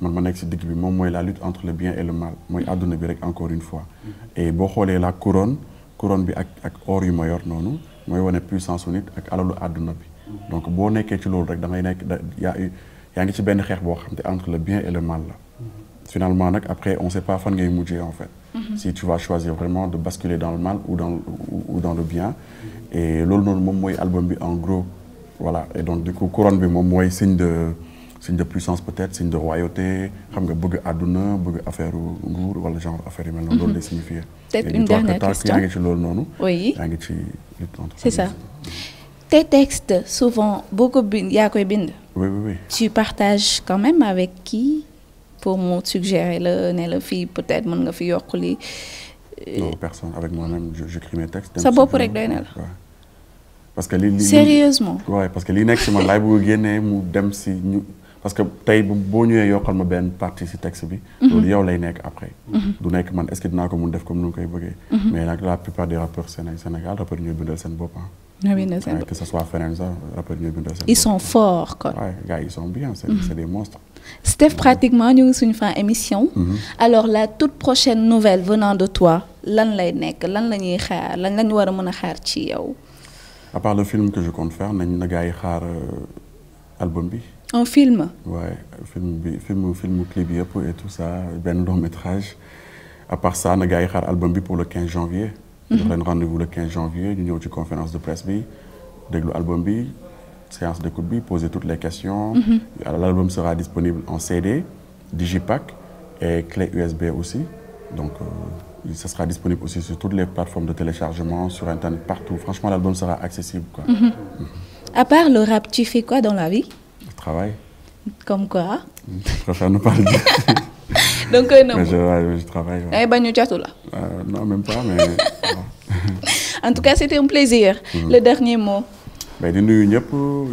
man ma nekk si digg bi moom mooy la lutte entre le bien et le mal mooy àdduna bi rek encore une fois et boo xoolee la couronne couronne bi ak ak or yu ma yor noonu mooy wane puissance u nit ak alalu àdduna bi donc boo nekkee ci loolu rek da ngay nekk yaa yaa ngi ci benn xeex boo xam te entre le bien et le mal la finalement nag après on sait pas fan ngay mujjee en fait si tu vas choisir vraiment de basculer dans le mal ou dans le bien et loolu noonu moom mooy album bi en gros voilà et donc du coup bi moom mooy signe signe de puissance peut-être signe de royauté xam nga bëgg àdduna bëgg affaire nguur wala genre affaire yu mel noonu. loolu lay mhm. signifier. peut-être une dernière question yaa ngi ci loolu noonu. oui yaa ngi ci lutte te c'est ça tes textes souvent boo ko bind yaa koy bind. oui oui oui. tu partages quand même avec pour mu suggérer la ne la fii peut-être mën nga fi yokk lii. non personne avec moi-même j'écris mes textes. sa bopp rek doy na la. parce que li li parce que li nekk ci man laay bëgg a génnee mu dem si ñu. parce que tey boo ñëwee yokkal ma benn partie ci texte bi. Mhm. loolu yow lay nekk après. Mhm. du nekk man est-ce que dinaa ko mun def comme ni mu koy bëggee. Mhm. mais nag la plupart des rappeurs Sénégal rappeurs yi ñooy bindal seen bopp ñoo bindal seen bopp que ce bien c'est c'est des monstres. pratiquement ñu ngi suñu fin émission. alors la toute prochaine nouvelle venant de toi lan lay nekk lan la ñuy xaar lan la ñu war a mën a xaar ci yow. à part le film que je compte faire nañ na gars yi xaar euh, album bi. en film. ouais film bi film film clip yëpp et tout ça benn long métrage à part ça na gars yi xaar album bi pour le 15 janvier. jox leen rendez-vous le 15 janvier ñu ñëw ci conférence de presse bi déglu album bi séance d'écoute bi poser toutes les questions. Mhm. l'album sera disponible en CD digipack et clé USB aussi donc. Euh, ça sera disponible aussi sur toutes les plateformes de téléchargement sur internet partout franchement l'album sera accessible quoi. Mm -hmm. Mm -hmm. À part le rap tu fais quoi dans la vie? travaille. Comme quoi. Je préfère ne pas le dire. Donc, euh, mais je, ouais, euh, je, travaille. Ouais. Eh euh, non, même pas, mais. en tout cas, c'était un plaisir. Mm Le dernier mot. di nuyu ñëpp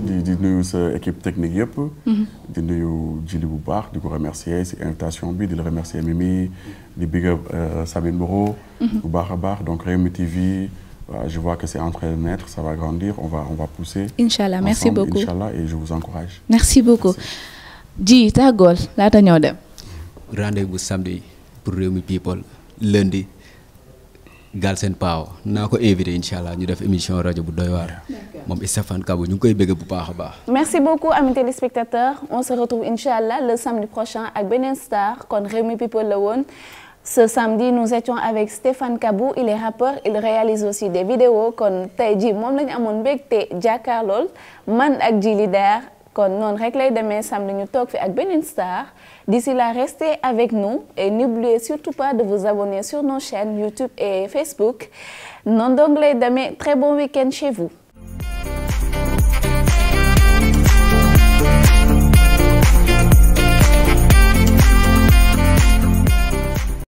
di di nuyu sa équipe technique yëpp. Mm-hmm. di nuyu Djily bu baax di ko remercier si invitation bi di la remercier Mimi di big up euh, Sabine Moreau mm-hmm. bu baax a baax donc Rewmi TV. waa je vois que c'est en train de naître, ça va grandir, on va, on va pousser. Inch'Allah, merci beaucoup. Inch'Allah, et je vous dem. Rendez-vous samedi pour Réumi People. Lundi, Galsen Pao. naa ko invité incha ñu def émission rajo bu doy waar. moom Stéphane Kabou ñu ngi koy bëgg bu baax a baax. merci beaucoup amis téléspectateurs on se retrouve incha allah le prochain ak beneen star kon Réumi People la woon. Ce samedi, nous étions avec Stéphane Kabou, il est rappeur, il réalise aussi des vidéos kon tey jii moom lañu amoon mbégte jàkkaarlool man ak Djily Der kon noonu rek lay demee samedi ñu toog ak beneen star d'ici là restez avec nous et n'oubliez surtout pas de vous abonner sur nos chaînes YouTube et Facebook noonu donc lay demee très bon week-end chez vous.